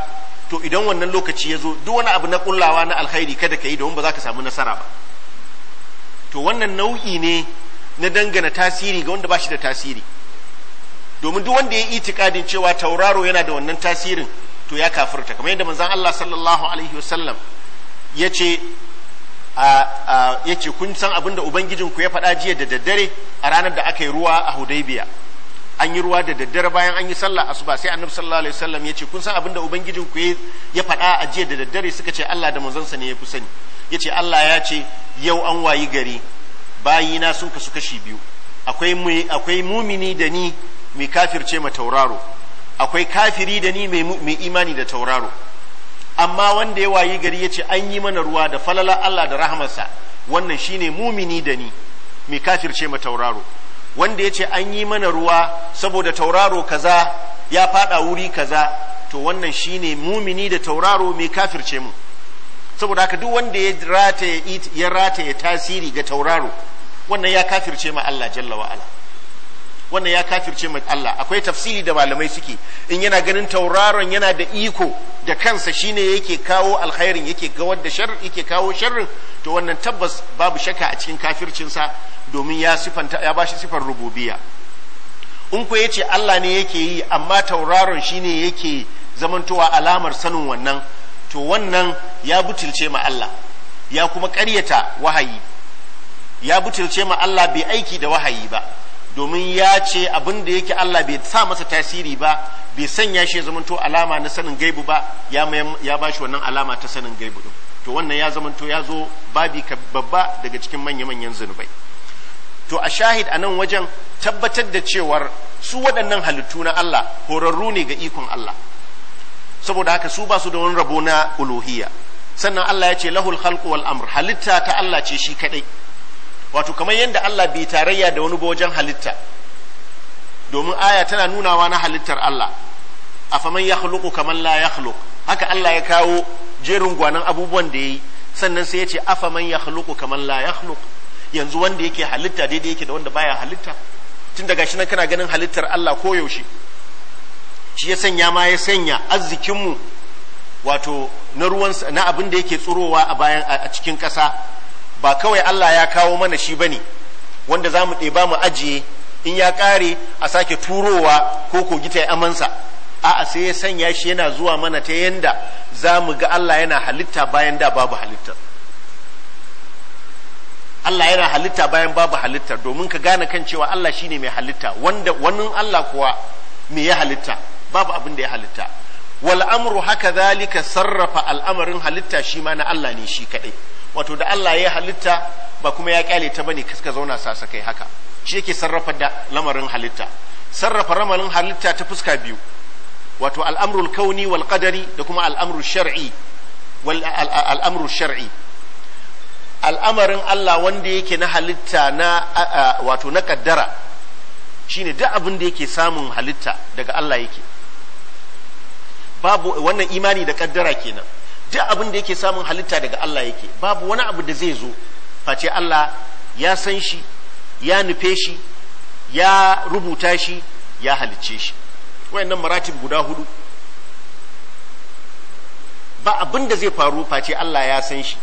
to idan wannan lokaci ya zo duk wani abu na kullawa na alkhairi kada ka yi domin ba za ka samu nasara ba to wannan nau'i ne na dangana tasiri ga wanda ba shi da tasiri domin duk wanda ya yi itikadin cewa tauraro yana da wannan tasirin to ya kafirta kamar yadda manzon Allah sallallahu alaihi wasallam yace a yace kun san abin da ubangijin ku ya faɗa jiya da daddare a ranar da aka yi ruwa a Hudaybiya an yi ruwa da daddare bayan an yi sallah asuba sai annabi sallallahu alaihi wasallam yace kun san abin da ubangijin ku ya faɗa a jiya da daddare suka ce Allah da manzon sa ne ya fi sani yace Allah ya ce yau an wayi gari bayina sun kasu kashi biyu akwai akwai mumini da ni mai kafirce ma tauraro akwai kafiri da ni mai imani da tauraro amma wanda ya wayi gari ya ce an yi mana ruwa da falala Allah da rahamarsa wannan shine mumini da ni mai kafirce ma tauraro wanda ya ce an yi mana ruwa saboda tauraro kaza ya fada wuri kaza to wannan shine mumini da tauraro mai kafirce mu saboda haka duk wanda ya rata ya rata tasiri ga tauraro wannan ya kafirce ma Allah jalla wa wannan ya kafirce mai Allah akwai tafsiri da malamai suke in yana ganin tauraron yana da iko da kansa shine yake kawo alkhairin yake gawar da sharri yake kawo sharrin to wannan tabbas babu shakka a cikin kafircinsa domin ya sifanta ya bashi sifar rububiyya in ku yace Allah ne yake yi amma tauraron shine yake zamantowa alamar sanin wannan to wannan ya butulce ma Allah ya kuma ƙaryata wahayi ya butulce ma Allah bai aiki da wahayi ba domin ya ce abin da yake Allah bai sa masa tasiri ba bai sanya shi ya zamanto alama na sanin gaibu ba ya ya bashi wannan alama ta sanin gaibu din to wannan ya zamanto ya zo babi babba daga cikin manya manyan zunubai to a shahid a nan wajen tabbatar da cewar su waɗannan halittu na Allah horarru ne ga ikon Allah saboda haka su ba su da wani rabo na uluhiyya sannan Allah ya ce lahul khalqu wal amr halitta ta Allah ce shi kadai wato kamar yadda Allah bai tarayya da wani wajen halitta domin aya tana nunawa na halittar Allah a faman ya khuluqu kaman la ya haka Allah ya kawo jerin gwanan abubuwan da ya yi sannan sai ya ce faman ya khuluqu kaman la ya yanzu wanda yake halitta daidai yake da wanda baya halitta tun daga shi nan kana ganin halittar Allah koyaushe, yaushe shi ya sanya ma ya sanya arzikinmu wato na ruwan na abin da yake tsurowa a bayan a cikin ƙasa ba kawai Allah ya kawo mana shi ba ne wanda za mu ɗeba mu ajiye in ya ƙare a sake turowa ko kogi ta amansa a'a sai ya sanya shi yana zuwa mana ta yanda za mu ga Allah yana halitta bayan da babu halitta Allah yana halitta bayan babu halitta domin ka gane kan cewa Allah shine mai halitta wanda wani Allah kuwa me ya halitta babu abin da ya halitta wal amru haka zalika sarrafa al'amarin halitta shi ma na Allah ne shi kadai wato da Allah ya halitta ba kuma ya kyale ta bane kaska zauna sa kai haka shi yake sarrafa da lamarin halitta sarrafa lamarin halitta ta fuska biyu wato al'amrul kauni wal qadari da kuma al'amrul shar'i wal al'amrul shar'i al'amarin Allah wanda yake na halitta na wato na kaddara shine duk abin da yake samun halitta daga Allah yake babu wannan imani da kaddara kenan duk abin da yake samun halitta daga Allah yake babu wani abu da zai zo face Allah ya san shi ya nufe shi ya rubuta shi ya halicce shi wayannan maratib guda hudu ba abin da zai faru face Allah ya san shi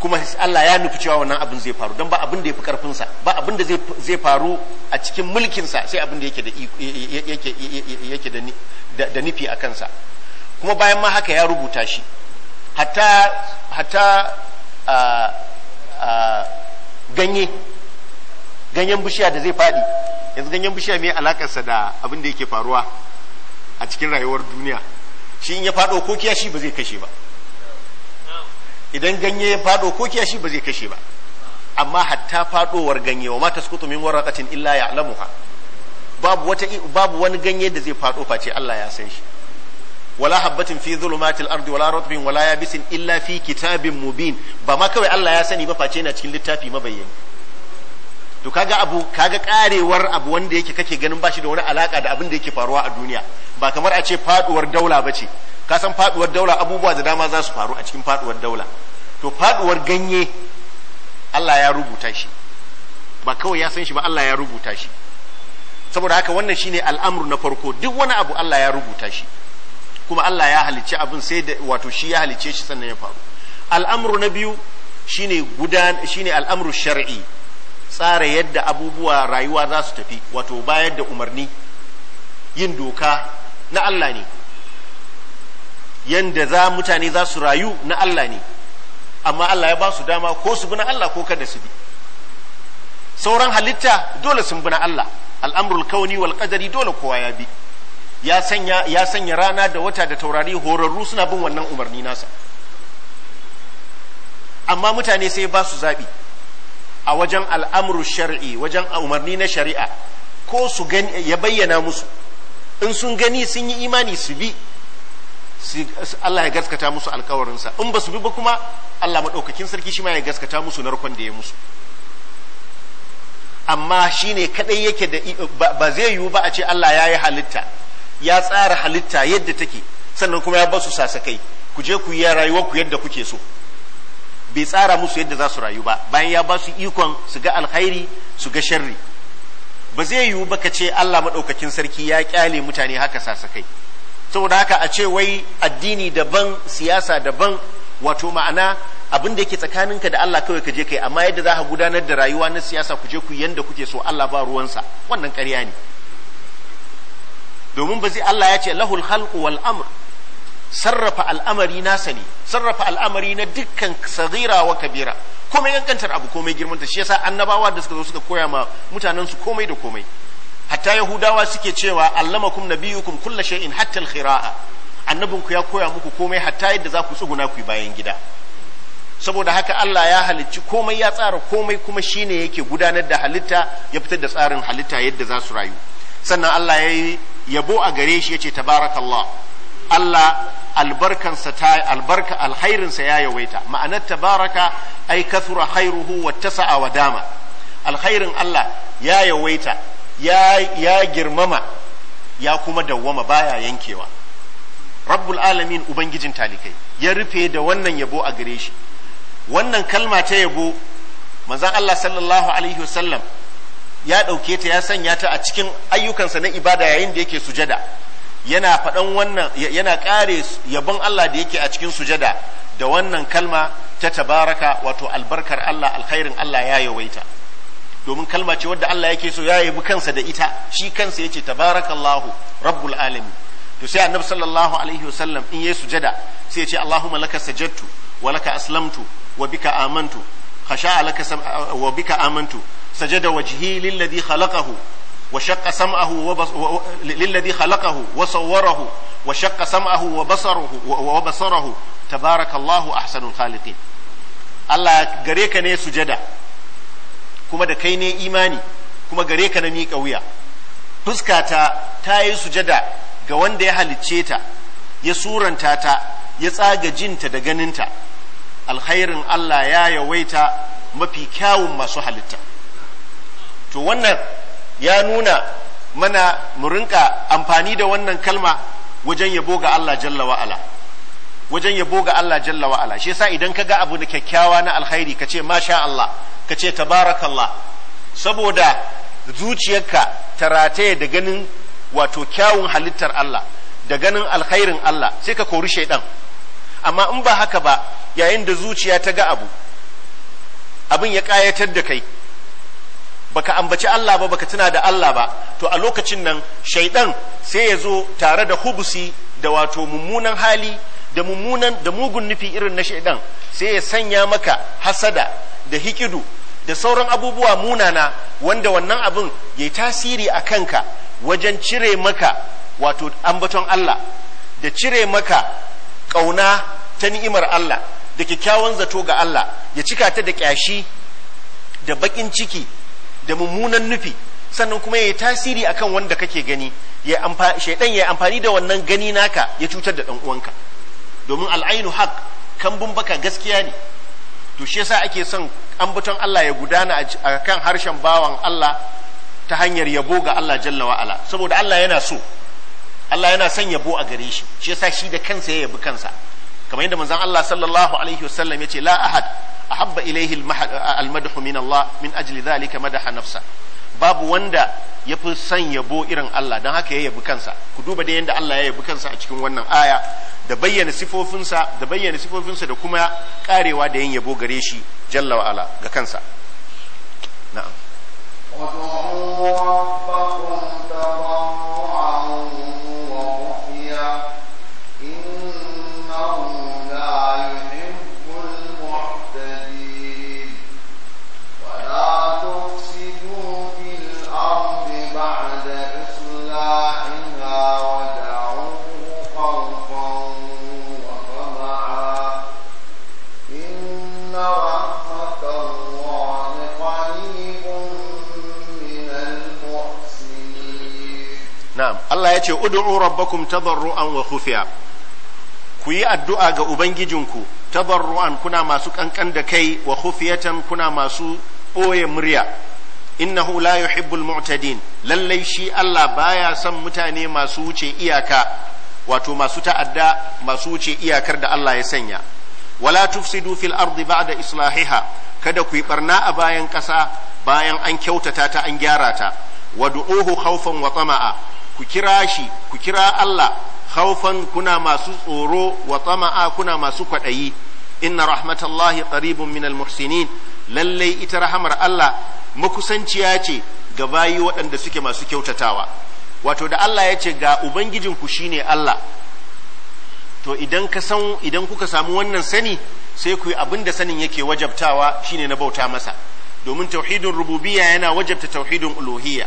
kuma Allah ya nufi cewa wannan abin zai faru don ba abin da ya fi karfinsa ba abin da zai faru a cikin mulkinsa sai abin da yake da nufi a kansa kuma bayan ma haka ya rubuta shi hatta hatta a a ganye ganyen bishiya da zai faɗi yanzu ganyen bishiya mai alakarsa da abin da yake faruwa a cikin rayuwar duniya shi in ya faɗo ko kiyashi ba zai kashe ba idan ganye ya faɗo ko kiyashi ba zai kashe ba amma hatta faɗowar ganye wa mata sukutu min waraqatin illa ya'lamuha babu wata babu wani ganye da zai faɗo face Allah ya san shi wala habbatin fi zulumatil ardi wala rutbin wala yabisin illa fi kitabin mubin ba ma kawai Allah ya sani ba face yana cikin littafi mabayyani to kaga abu kaga karewar abu wanda yake kake ganin bashi da wani alaka da abin da yake faruwa a duniya ba kamar a ce faduwar daula ba ce ka san faduwar daula abubuwa da dama za su faru a cikin faduwar daula to faduwar ganye Allah ya rubuta shi ba kawai ya san shi ba Allah ya rubuta shi saboda haka wannan shine al'amru na farko duk wani abu Allah ya rubuta shi kuma Allah ya halicci abin sai da wato shi ya halicce shi sannan ya faru al'amru na biyu shine gudan shine al'amru shar'i tsara yadda abubuwa rayuwa za su tafi wato bayar da umarni yin doka na Allah ne yanda za mutane za su rayu na Allah ne amma Allah ya ba su dama ko su bi na Allah ko kada su bi sauran halitta dole sun bi na Allah al'amrul kauni wal qadari dole kowa ya bi ya sanya ya sanya rana da wata da taurari horarru suna bin wannan umarni nasa amma mutane sai ba su zaɓi a wajen al'amuru shar'i wajen umarni na shari'a ko su gani ya bayyana musu in sun gani sun yi imani su bi Allah ya gaskata musu alkawarinsa in ba su bi ba kuma Allah maɗaukakin sarki shi ma ya gaskata musu narkon da ya musu amma shi ne kaɗai yake da ba zai yiwu ba a ce Allah ya yi halitta ya tsara halitta yadda take sannan kuma ya basu sasakai ku je ku yi rayuwar ku yadda kuke so bai tsara musu yadda za su rayu ba bayan ya basu ikon su ga alkhairi su ga sharri ba zai yiwu ba ka ce Allah maɗaukakin sarki ya kyale mutane haka sasakai saboda haka a ce wai addini daban siyasa daban wato ma'ana abin da yake tsakaninka da Allah kawai ka je kai amma yadda za ka gudanar da rayuwa na siyasa ku je ku yi yadda kuke so Allah ba ruwansa wannan ƙarya ne domin ba zai Allah ya ce lahul khalqu wal amr sarrafa al'amari nasa ne sarrafa al'amari na dukkan sagira wa kabira komai kankantar abu komai girman ta shi yasa annabawa da suka zo suka koya ma mutanen su komai da komai hatta yahudawa suke cewa allamakum nabiyukum kulla shay'in hatta al-khira'a annabin ku ya koya muku komai hatta yadda za ku tsuguna ku bayan gida saboda haka Allah ya halicci komai ya tsara komai kuma shine yake gudanar da halitta ya fitar da tsarin halitta yadda za su rayu sannan Allah ya yi yabo a gare shi yace tabarakallah Allah albarkansa ta albarka alkhairinsa ya yawaita ma'anar tabaraka ai kathura khairuhu wattasa'a wa dama alkhairin Allah ya yawaita ya ya girmama ya kuma dawwama baya yankewa rabbul alamin ubangijin talikai ya rufe da wannan yabo a gare shi wannan kalma ta yabo manzon Allah sallallahu alaihi wasallam ya ɗauke ta ya sanya ta a cikin ayyukansa na ibada yayin da yake sujada yana faɗan wannan yana ƙare yabon Allah da yake a cikin sujada da wannan kalma ta tabaraka wato albarkar Allah alkhairin Allah ya yawaita domin kalma ce wadda Allah yake so ya yabi kansa da ita shi kansa yace tabarakallahu rabbul alamin to sai annabi sallallahu alaihi wasallam in yayi sujada sai ya ce allahumma laka sajadtu wa laka aslamtu wa bika amantu khasha alaka wa bika amantu sajada wajhi lilladhi khalaqahu wa shaqqa sam'ahu wa lilladhi khalaqahu wa sawwarahu wa shaqqa Allah gare ka ne sujada kuma da kai ne imani kuma gare ka na miƙa wuya fuskata ta yi sujada ga wanda ya halicce ta ya suranta ta ya tsaga jinta da ganinta alkhairin Allah ya yawaita mafi kyawun masu halitta to wannan ya nuna mana mu rinƙa amfani da wannan kalma wajen yabo ga Allah jalla wa'ala wajen yabo ga Allah jalla wa'ala shi yasa idan kaga abu da kyakkyawa na alkhairi kace masha Allah kace tabarakallah saboda zuciyarka ta rataye da ganin wato kyawun halittar Allah da ganin alkhairin Allah sai ka kori shaidan amma in ba haka ba yayin da zuciya ta ga abu abin ya ƙayatar da kai baka ambaci Allah ba baka tuna da Allah ba to a lokacin nan shaidan sai ya zo tare da hubusi da wato mummunan hali da mummunan da mugun nufi irin na shaidan sai ya sanya maka hasada da hikidu da sauran abubuwa munana wanda wannan abin ya tasiri a kanka wajen cire maka wato ambaton Allah da cire maka ƙauna ta ni'imar Allah da kyakkyawan zato ga Allah ya cika ta da ƙyashi da baƙin ciki da mummunan nufi sannan kuma ya yi tasiri akan wanda kake gani shaidan ya amfani da wannan gani naka ya cutar da ɗan uwanka domin al'ainu haq kambun baka gaskiya ne to shi yasa ake son ambaton Allah ya gudana a kan harshen bawan Allah ta hanyar yabo ga Allah jalla wa'ala saboda Allah yana so Allah yana son yabo a gare shi shi yasa shi da kansa ya yabi kansa kamar yadda manzon Allah sallallahu alaihi wasallam yace la ahad ahabba ilayhi al-madhu min Allah min ajli dhalika madaha nafsa babu wanda yafi son yabo irin Allah don haka ya yabi kansa ku duba da yadda Allah ya yabi kansa a cikin wannan aya da bayyana sifofinsa da bayyana sifofinsa da kuma karewa da yin yabo gare shi jalla ala ga kansa na'am Allah ya ce ud'u rabbakum tadarruan wa khufiya ku yi addu'a ga ubangijinku tadarruan kuna masu kankan da kai wa khufiyatan kuna masu boye murya innahu la yuhibbul mu'tadin lallai shi Allah baya son mutane masu wuce iyaka wato masu ta'adda masu wuce iyakar da Allah ya sanya wala tufsidu fil ardi ba'da islahiha kada ku yi barna a bayan kasa bayan an kyautata ta an gyara ta du'uhu khawfan wa tama'a ku kira shi ku kira Allah khawfan kuna masu tsoro wa tsama'a kuna masu kwaɗayi inna rahmatallahi qaribun minal muhsinin lallai ita rahamar Allah makusanciya ce ga bayi waɗanda suke masu kyautatawa wato da Allah ya ce ga ubangijin ku shine Allah to idan ka san idan kuka samu wannan sani sai ku yi abin da sanin yake wajabtawa shine na bauta masa domin tauhidin rububiyya yana wajabta tauhidin uluhiyya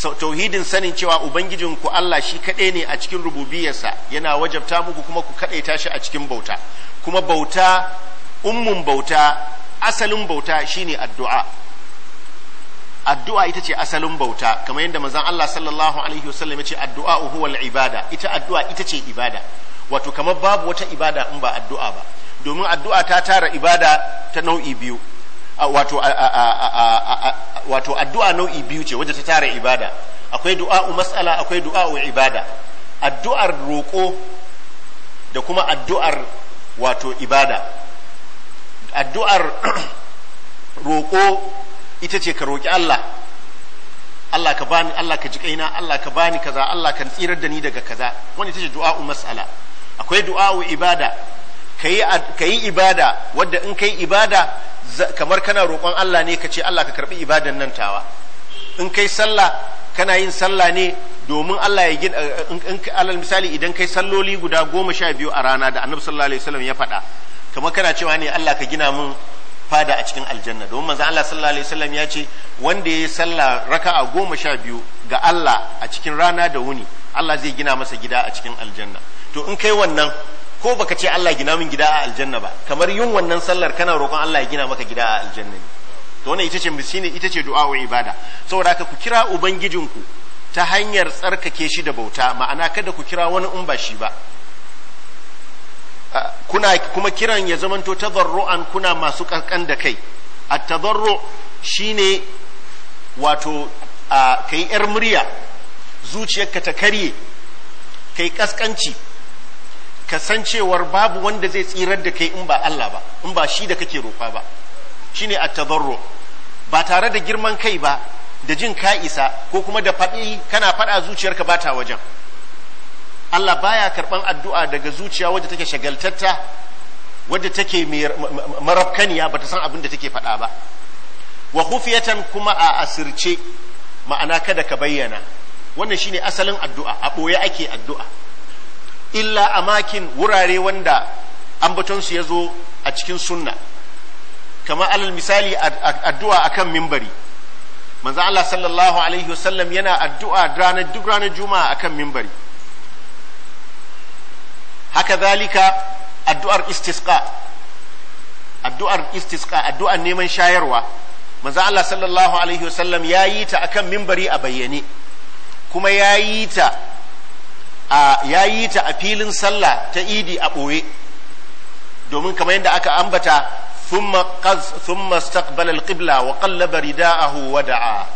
tauhidin sanin cewa ubangijin ku Allah shi kaɗai ne a cikin rububiyarsa yana wajabta muku kuma ku kaɗaita shi a cikin bauta kuma bauta ummun bauta asalin bauta shine addu'a addu'a ita ce asalin bauta kamar yadda manzon Allah sallallahu alaihi wasallam ya ce addu'a al ibada ita addu'a ita ce ibada wato kamar babu wata ibada in ba addu'a ba domin addu'a ta tara ibada ta nau'i biyu wato addu'a nau'i biyu ce wajen ta tara ibada akwai du'a'u mas'ala akwai du'a'u ibada addu'ar roƙo da kuma addu'ar wato ibada addu'ar <clears throat> roƙo ita ce ka roƙi Allah Allah ka bani Allah ka ji kaina Allah ka bani kaza Allah ka tsirar da ni daga kaza wani ita ce du'a'u mas'ala akwai du'a'u ibada ka yi ibada wadda in ka yi ibada kamar kana roƙon Allah ne ka ce Allah ka karɓi ibadan nan tawa in kai sallah kana yin sallah ne domin Allah ya gina in alal misali idan kai salloli guda goma sha biyu a rana da annabi sallallahu alaihi wasallam ya faɗa kamar kana cewa ne Allah ka gina min fada a cikin aljanna domin manzo Allah sallallahu alaihi wasallam ya ce wanda ya yi sallah raka'a goma sha biyu ga Allah a cikin rana da wuni Allah zai gina masa gida a cikin aljanna to in kai wannan ko baka ce Allah gina min gida a aljanna ba kamar yin wannan sallar kana roƙon Allah ya gina maka gida a aljanna ne to wannan ita ce misini ita ce du'a wa ibada saboda haka ku kira ubangijinku ta hanyar tsarkake shi da bauta ma'ana kada ku kira wani in ba shi ba kuna kuma kiran ya zamanto tadarru'an kuna masu kankan da kai at-tadarru shine wato kai yar murya zuciyarka ta karye kai kaskanci kasancewar babu wanda zai tsirar da kai in ba Allah ba in ba shi da kake roƙa ba shine at-tadarru ba tare da girman kai ba da jin ka isa ko kuma da faɗi kana faɗa zuciyarka ba ta wajen Allah baya karɓan addu'a daga zuciya wadda take shagaltatta wadda take marafkaniya ba ta san abin da take faɗa ba wa hufiyatan kuma a asirce ma'ana kada ka bayyana wannan shine asalin addu'a a ɓoye ake addu'a illa a makin wurare wanda ambatonsu ya zo a cikin sunna kamar alal misali addu'a akan mimbari manzo Allah sallallahu alaihi wasallam yana addu'a ranar duk ranar juma'a akan mimbari haka zalika addu'ar istisqa addu'ar istisqa addu'ar neman shayarwa manzo Allah sallallahu alaihi wasallam ya yi ta akan mimbari a bayyane kuma ya yi ta ya yi ta a filin sallah ta idi a ɓoye domin kamar yadda aka ambata thumma staqbala alqibla wa qallaba rida'ahu wa da'a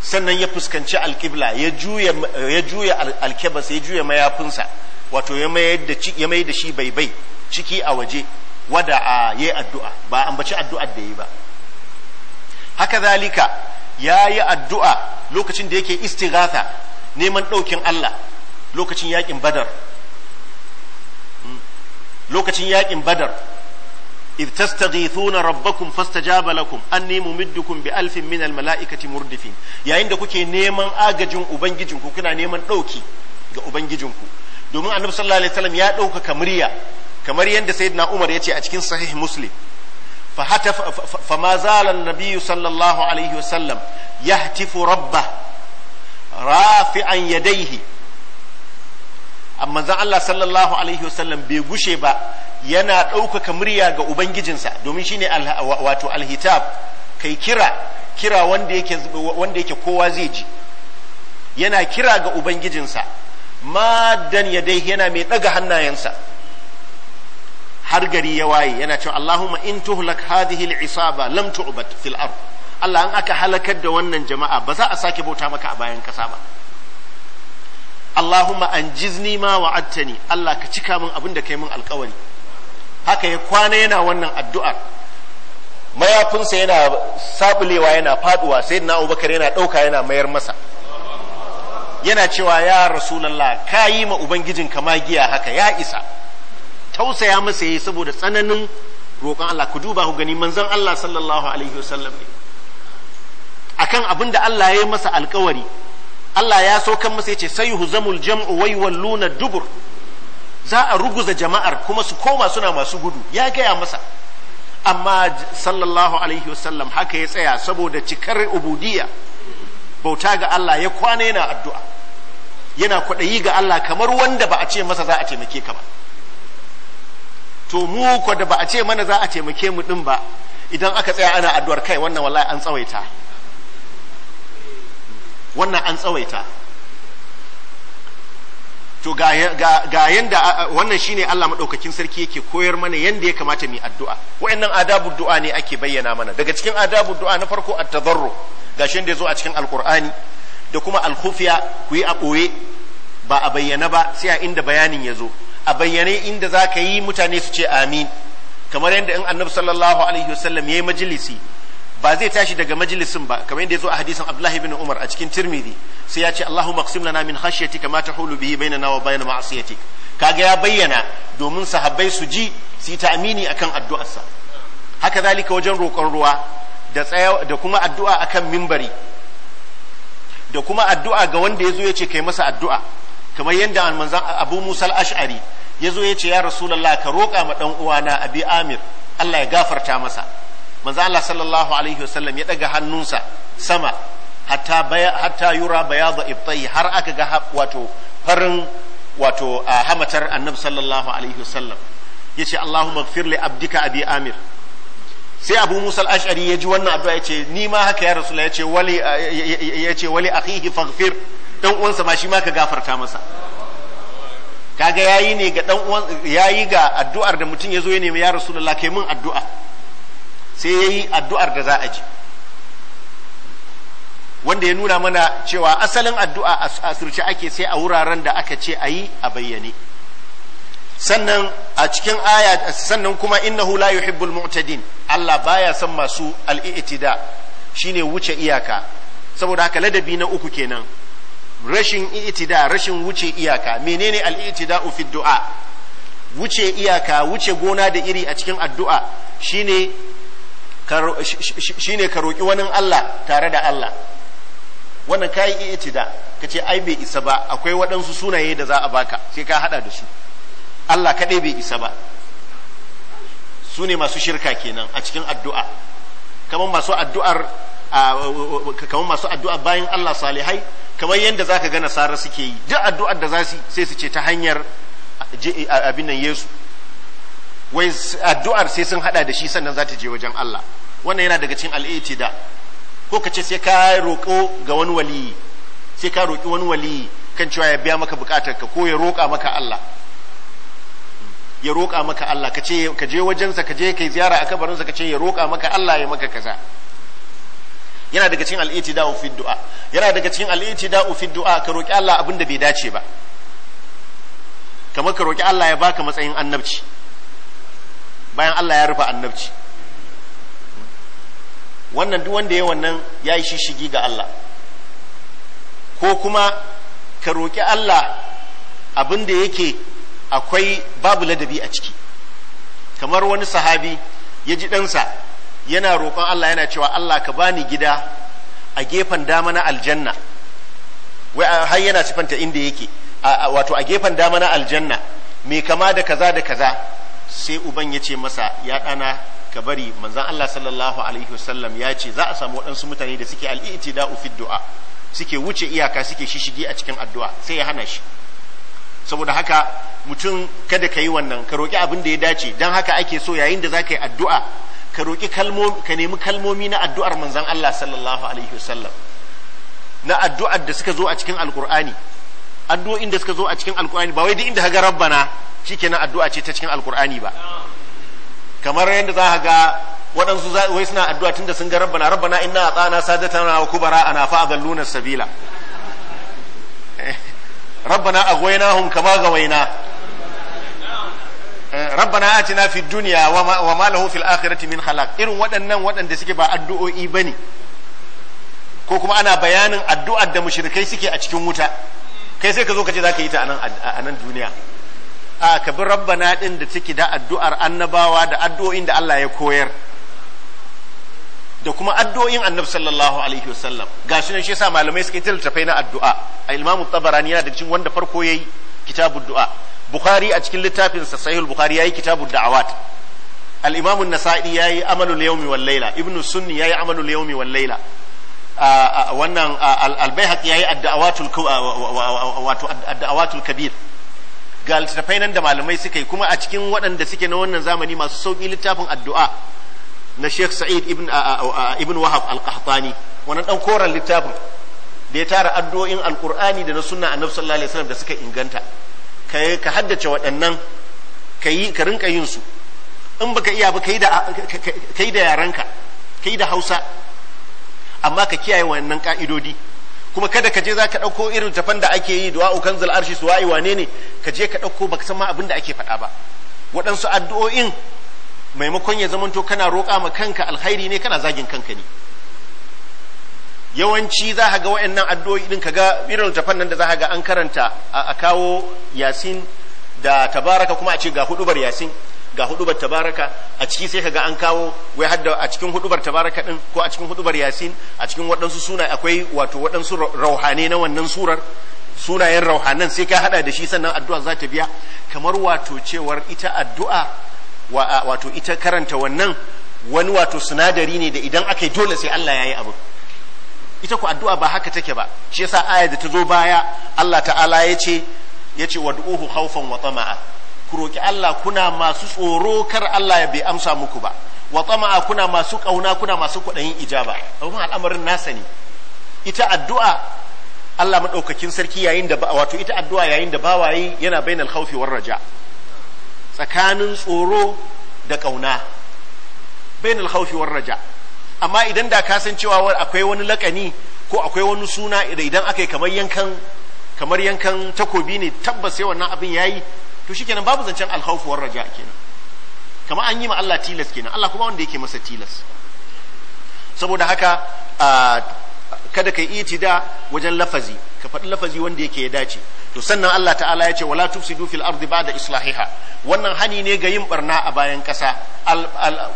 sannan ya fuskanci alqibla ya juya ya ya juya mayafinsa wato ya mayar da ya shi baibai ciki a waje wada wada'a yayi addu'a ba ambaci addu'a da yi ba haka zalika ya yi addu'a lokacin da yake istighatha neman ɗaukin Allah lokacin yakin badar hmm. lokacin yakin badar إذ تستغيثون ربكم فاستجاب لكم أني ممدكم بألف من الملائكة مردفين يا عندك كي نيمان آجن أبنجنك كنا نيمان ɗauki ga ubangijinku domin annabi sallallahu kamar yadda sayyidina Umar ya ce a cikin sahih Muslim fa hata yahtifu rafi'an amma zan Allah sallallahu alaihi wasallam bai gushe ba yana ɗaukaka murya ga ubangijinsa domin shine wato alhitab kai kira kira wanda yake wanda yake kowa zai ji yana kira ga ubangijinsa madan ya dai yana mai ɗaga hannayensa har gari ya waye yana cewa Allahumma in tuhlak hadhihi al'isaba isaba lam tu'bad fil ard Allah an aka halakar da wannan jama'a ba za a sake bauta maka a bayan kasa ba Allahumma an jizni ma wa'attani Allah ka cika min abin da kai min alkawari haka ya kwana yana wannan addu'ar mayafinsa yana sabulewa yana faduwa sai na abubakar yana ɗauka yana mayar masa yana cewa ya rasulallah ka yi ma ubangijin kama giya haka ya isa tausaya masa yi saboda tsananin roƙon Allah ku duba ku gani manzon Allah sallallahu alaihi wasallam ne akan abin da Allah ya yi masa alkawari Allah ya saukan masa ya ce sai huzamul jam'u wai walluna dubur za a ruguza jama'ar kuma su koma suna masu gudu ya gaya masa amma sallallahu alaihi wasallam haka ya tsaya saboda cikar ubudiyya bauta ga Allah ya kwana yana addu'a yana kwaɗayi ga Allah kamar wanda ba a ce masa za a taimake ka ba to mu ko ba a ce mana za a taimake mu ɗin ba idan aka tsaya ana addu'ar kai wannan wallahi an tsawaita wannan an tsawaita to ga yadda wannan shi ne Allah maɗaukakin sarki yake koyar mana yadda ya kamata mu addu'a wayannan adabu du'a ne ake bayyana mana daga cikin adabu du'a na farko a tazarro. Ga gashin da zo a cikin alkur'ani da kuma al ku yi a boye ba a bayyana ba sai a inda bayanin ya zo a bayyane inda za ka yi mutane su ce amin kamar yadda in annabi sallallahu alaihi wasallam yayi majalisi ba zai tashi daga majalisin ba kamar yadda ya zo a hadisin Abdullahi bin Umar a cikin Tirmidhi sai ya ce Allahumma qsim lana min khashyatika ma tahulu bihi bainana wa bain ma'asiyatik kaga ya bayyana domin sahabbai su ji su yi ta'amini akan addu'arsa haka zalika wajen roƙon ruwa da tsaya da kuma addu'a akan mimbari da kuma addu'a ga wanda ya zo ya ce kai masa addu'a kamar yadda manzon Abu Musa al-Ash'ari ya zo ya ce ya Rasulullah ka roƙa ma dan uwana Abi Amir Allah ya gafarta masa manzo Allah sallallahu alaihi wasallam ya daga hannunsa sama hatta baya hatta yura bayadu ibtai har aka ga wato farin wato hamatar annabi sallallahu alaihi wasallam yace Allahumma ighfir li abdika abi amir sai abu musa al-ash'ari ya ji wannan addu'a yace ni ma haka ya rasulullah yace wali yace wali akhihi faghfir dan uwansa ma shi ma ka gafarta masa kaga yayi ne ga dan uwan yayi ga addu'ar da mutum ya zo ya nemi ya rasulullah kai mun addu'a sai ya yi addu'ar da za a ji wanda ya nuna mana cewa asalin addu'a a asirce ake sai a wuraren da aka ce a yi a bayyane sannan a cikin aya sannan kuma Inna hula yi hibbul mu'tadin Allah baya son masu shi shine wuce iyaka saboda haka ladabi na uku kenan rashin i'tida rashin wuce iyaka menene al’i’itida ufid du'a wuce iyaka wuce gona da iri a cikin addu'a shine shine ka roƙi wani Allah tare da Allah wannan kayi iya ce da ka ce ai bai isa ba akwai waɗansu sunaye da za a baka sai ka haɗa da su Allah kaɗai bai isa ba su ne masu shirka kenan a cikin addu'a kamar masu addu'ar kamar masu addu'a bayan Allah salihai kamar yadda za ka gana nasara suke yi duk addu'ar da za su sai su ce ta hanyar abin nan Yesu wai addu'ar sai sun haɗa da shi sannan za ta je wajen Allah wannan yana daga cikin al'aiti da ko ka ce sai ka roƙo ga wani waliyi sai ka roƙi wani waliyi kan cewa ya biya maka buƙatar ka ko ya roƙa maka Allah ya roƙa maka Allah ka ce ka je wajensa ka je kai ziyara a kabarinsa ka ce ya roƙa maka Allah ya maka kaza yana daga cikin al'aiti da fi du'a yana daga cikin al'aiti da fi du'a ka roƙi Allah abin da bai dace ba kamar ka roƙi Allah ya baka matsayin annabci bayan Allah ya rufe annabci wannan duk wanda ya wannan ya yi shishigi ga Allah ko kuma ka roƙi Allah abinda da yake akwai babu ladabi a ciki kamar wani sahabi ya ji ɗansa yana roƙon Allah yana cewa Allah ka bani gida a gefen dama na aljanna wai har yana sifanta inda yake wato a gefen dama na aljanna mai kama da kaza da kaza sai uban ya ce masa ya ɗana suka bari manzan Allah sallallahu alaihi wasallam ya ce za a samu waɗansu mutane da suke al'i'ti da fi du'a suke wuce iyaka suke shishigi a cikin addu'a sai ya hana shi saboda haka mutum kada ka yi wannan ka roƙi abin da ya dace don haka ake so yayin da za ka yi addu'a ka roƙi ka nemi kalmomi na addu'ar manzan Allah sallallahu alaihi wasallam na addu'ar da suka zo a cikin alkur'ani addu'o'in da suka zo a cikin alkur'ani ba wai duk inda ka ga rabbana shikenan addu'a ce ta cikin alkur'ani ba kamar yadda za ga waɗansu wai suna addu'a tunda sun ga rabbana rabbana inna atana sadatana wa kubara ana fa adalluna sabila eh, rabbana aghwaynahum kama ga gawaina eh, rabbana tina fi duniya wa ma lahu fil akhirati min khalaq irin waɗannan waɗanda suke ba addu'o'i ba bane ko kuma ana bayanin addu'ar da mushrikai suke a cikin wuta kai sai ka zo ka ce ka yi ta anan anan duniya a ka bi rabbana din da ciki da addu'ar annabawa da addu'o'in da Allah ya koyar da kuma addu'o'in annabi sallallahu alaihi wasallam gashi nan shi yasa malamai suka yi tafai na addu'a a imamu tabarani yana da cikin wanda farko yayi kitabud du'a bukhari a cikin littafin sa sahihul bukhari yayi kitabud da'awat al-imamu an-nasa'i yayi amalul yawmi wal laila ibnu sunni yayi amalul yawmi wal laila wannan Al-Albaikac albayhaq yayi ad-da'awatul wato ad-da'awatul kabir ga littattafai nan da malamai suka yi kuma a cikin waɗanda suke na wannan zamani masu sauƙi littafin addu'a na Sheikh Sa'id ibn ibn Wahab al-Qahtani wannan dan koren littafin da ya tara addu'o'in alqur'ani da na sunna annabi sallallahu alaihi wasallam da suka inganta kai ka haddace waɗannan kai ka rinka yin su in baka iya ba kai da kai da yaranka kai da Hausa amma ka kiyaye wannan ka'idodi kuma kada ka je za ka ɗauko irin tafan da ake yi du'a ukan arshi suwa'i wane ne ka je ka ɗauko baka san ma abin da ake faɗa ba waɗansu addu'o'in maimakon ya zamanto kana roƙa ma kanka alkhairi ne kana zagin kanka ne yawanci za ka ga waɗannan addu'o'i din ka ga irin tafan nan da za ka ga an karanta a kawo yasin da tabaraka kuma a ce ga hudubar yasin ga hudubar tabaraka a ciki sai ka ga an kawo wai hadda a cikin hudubar tabaraka din ko a cikin hudubar yasin a cikin waɗansu suna akwai wato waɗansu rauhane na wannan surar sunayen rauhanan sai ka hada da shi sannan addu'a za ta biya kamar wato cewar ita addu'a wato ita karanta wannan wani wato sinadari ne da idan aka yi dole sai Allah ya yi abu ita ku addu'a ba haka take ba shi yasa aya da ta zo baya Allah ta'ala ya ce ya ce wad'uhu khawfan wa tama'a ku roki Allah kuna masu tsoro kar Allah ya bai amsa muku ba wa tsama'a kuna masu kauna kuna masu kwaɗayin ijaba abubuwan al'amarin nasa ne ita addu'a Allah maɗaukakin sarki yayin da wato ita addu'a yayin da bawaye yana bainal khawfi war raja tsakanin tsoro da ƙauna bainal khawfi war raja amma idan da ka san cewa akwai wani lakani ko akwai wani suna idan aka yi kamar yankan takobi ne tabbas sai wannan abin yayi to shikenan babu zancen alkhawfu war raja kenan kamar an yi ma Allah tilas kenan Allah kuma wanda yake masa tilas saboda haka kada ka yi itida wajen lafazi ka faɗi lafazi wanda yake ya dace to sannan Allah ta'ala ya ce wala tufsidu fil ardi ba'da islahiha wannan hani ne ga yin barna a bayan ƙasa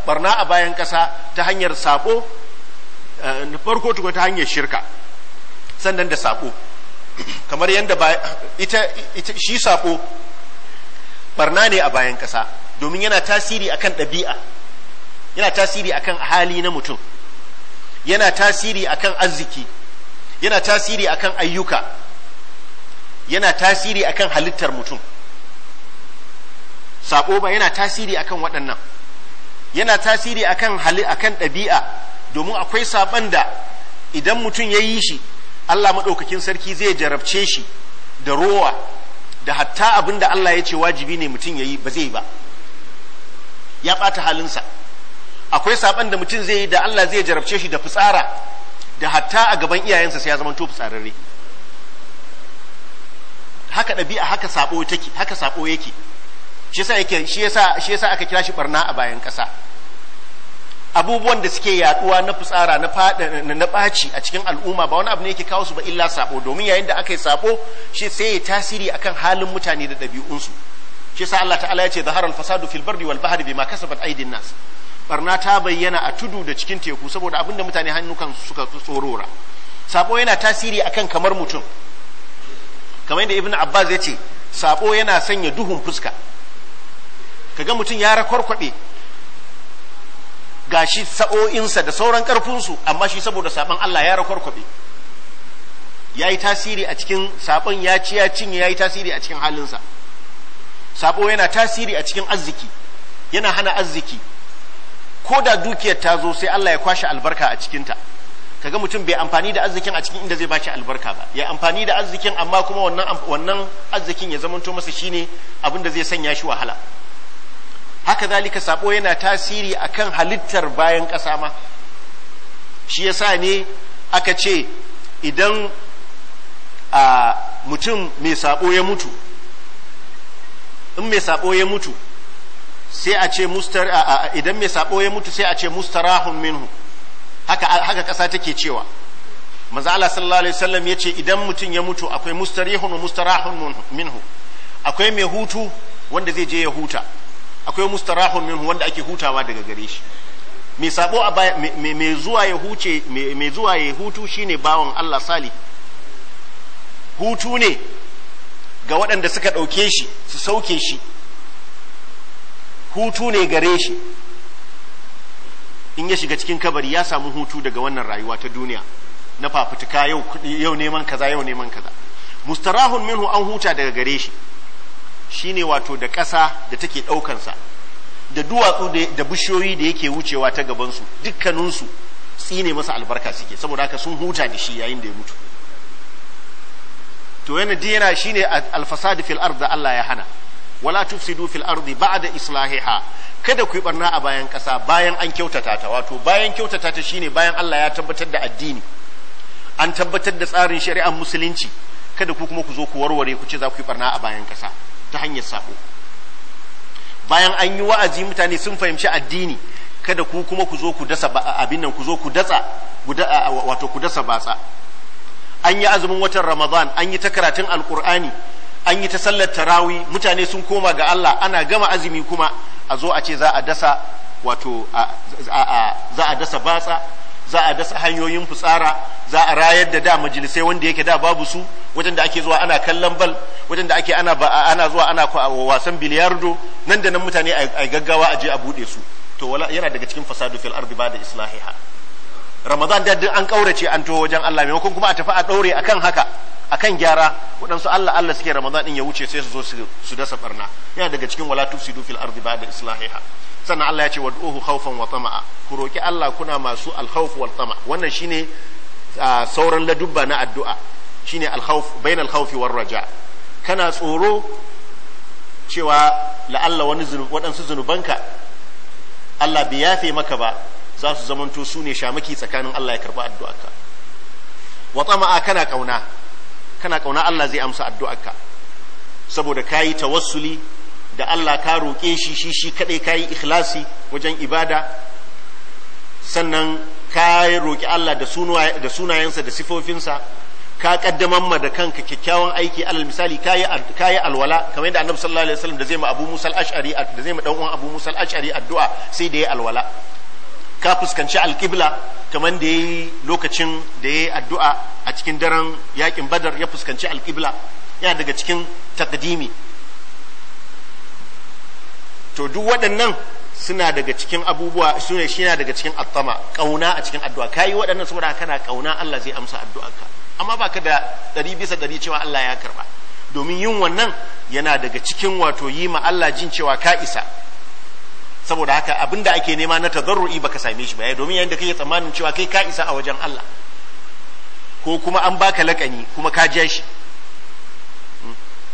barna a bayan kasa ta hanyar sabo farko tuko ta hanyar shirka sannan da sabo kamar yadda ita shi sabo barna ne a bayan ƙasa domin yana tasiri akan ɗabi'a yana tasiri akan hali na mutum yana tasiri akan arziki yana tasiri akan ayyuka yana tasiri akan halittar mutum sabo ba yana tasiri akan waɗannan yana tasiri akan hali akan ɗabi'a domin akwai saban da idan mutum ya yi shi Allah maɗaukakin sarki zai jarabce shi da rowa da hatta abin da Allah ya ce wajibi ne mutum ya yi ba zai yi ba ya ɓata halinsa akwai saɓan da mutum zai yi da Allah zai jarabce shi da fitsara da hatta a gaban iyayensa sai ya zama to fitsararre haka ɗabi'a haka haka saɓo yake shi yasa yake shi yasa aka kira shi barna a bayan ƙasa abubuwan da suke yaduwa na fitsara na na ɓaci a cikin al'umma ba wani abu ne yake kawo su ba illa sabo domin yayin da aka yi sabo shi sai ya tasiri akan halin mutane da su shi sa Allah ta'ala ya ce zahara al-fasadu fil barri wal bahri bima kasabat aydin nas barna ta bayyana a tudu da cikin teku saboda abin da mutane hannu su suka tsorora sabo yana tasiri akan kamar mutum kamar yadda ibnu abbas ya ce sabo yana sanya duhun fuska kaga mutum ya rakwarkwabe gashi sa'o'insa da sauran ƙarfinsu amma shi saboda saban Allah ya rakwarkwabe ya yi tasiri a cikin saban ya ci ya cinye ya yi tasiri a cikin halinsa sabo yana tasiri a cikin arziki yana hana arziki ko da dukiyar ta zo sai Allah ya kwashe albarka a cikinta kaga mutum bai amfani da arzikin a cikin inda zai bashi albarka ba ya amfani da arzikin amma kuma wannan arzikin ya zamanto masa shine abin da zai sanya shi wahala haka zalika sabo yana tasiri akan halittar bayan ƙasa ma shi yasa ne aka ce idan a mutum mai sabo ya mutu in mai sabo ya mutu sai a ce mustar idan mai sabo ya mutu sai a ce mustarahun minhu haka haka ƙasa take cewa manzo Allah sallallahu alaihi wasallam yace idan mutum ya mutu akwai mustarihun mustarahun minhu akwai mai hutu wanda zai je ya huta akwai mustarahun minhu wanda ake hutawa daga gare shi mai sabo a baya mai zuwa ya huce mai zuwa ya hutu shine bawan Allah salih hutu ne ga waɗanda suka ɗauke shi su sauke shi hutu ne gare shi in ya shiga cikin kabari ya samu hutu daga wannan rayuwa ta duniya na fafutuka yau neman kaza yau neman kaza mustarahun minhu an huta daga gare shi shine wato da ƙasa da take ɗaukansa da duwatsu da bishiyoyi da yake wucewa ta gabansu dukkaninsu tsine masa albarka suke saboda haka sun huta da shi yayin da ya mutu to yana diyana shine alfasad fil ard da Allah ya hana wala tufsidu fil da ba'da islahiha kada ku yi barna a bayan ƙasa bayan an kyautata ta wato bayan kyautata ta shine bayan Allah ya tabbatar da addini an tabbatar da tsarin shari'ar musulunci kada ku kuma ku zo ku warware ku ce za ku yi barna a bayan ƙasa ta hanyar sako bayan an yi wa'azi mutane sun fahimci addini kada ku kuma ku zo ku dasa abin nan ku zo ku datsa wato ku dasa batsa an yi azumin watan ramadan an yi ta karatun alkur'ani an yi ta sallar tarawi mutane sun koma ga Allah ana gama azumi kuma a zo a ce za a dasa wato za a dasa batsa za a dasa hanyoyin fitsara za a rayar da da majalisai wanda yake da babu su wajen da ake zuwa ana kallon bal wajen da ake ana ana zuwa ana wasan biliyardo nan da nan mutane a gaggawa a je a bude su to wala yana daga cikin fasadu fil ardi ba da islahiha ramadan da an kaurace an to wajen Allah maimakon kuma a tafi a daure akan haka akan gyara waɗansu Allah Allah suke ramadan din ya wuce sai su zo su dasa barna yana daga cikin wala tufsidu fil ardi ba da islahiha sannan Allah ya ce wad'uhu khawfan wa tama'a ku roki Allah kuna masu al-khawf wal tama' wannan shine sauran ladubba na addu'a shine al-khawf bainal war raja kana tsoro cewa la'alla wani zunub waɗansu zunubanka Allah bai yafe maka ba za su zamanto su ne shamaki tsakanin Allah ya karba addu'arka wa tama'a kana kauna kana kauna Allah zai amsa addu'arka saboda kayi tawassuli da Allah ka roƙe shi shi shi kaɗai ka yi ikhlasi wajen ibada sannan ka roƙi Allah da sunayensa da sifofinsa ka ƙaddamar ma da kanka kyakkyawan aiki alal misali ka yi alwala kamar yadda annabi sallallahu alaihi wasallam da zai ma abu musal ash'ari da zai ma dan uwan abu musal ash'ari addu'a sai da ya alwala ka fuskanci alƙibla kamar da yayi lokacin da yayi addu'a a cikin daren yakin badar ya fuskanci alƙibla yana daga cikin takdimi to duk waɗannan suna daga cikin abubuwa su ne shi daga cikin attama ƙauna a cikin addu'a ka yi waɗannan saboda kana ƙauna Allah zai amsa ka. amma ba ka da ɗari bisa ɗari cewa Allah ya karɓa. domin yin wannan yana daga cikin wato yi ma Allah jin cewa ka isa saboda haka abinda ake nema na tazarru'i baka same shi ba eh, domin yayin da kake tsammanin cewa kai ka isa a wajen Allah ko kuma an baka lakani kuma ka je shi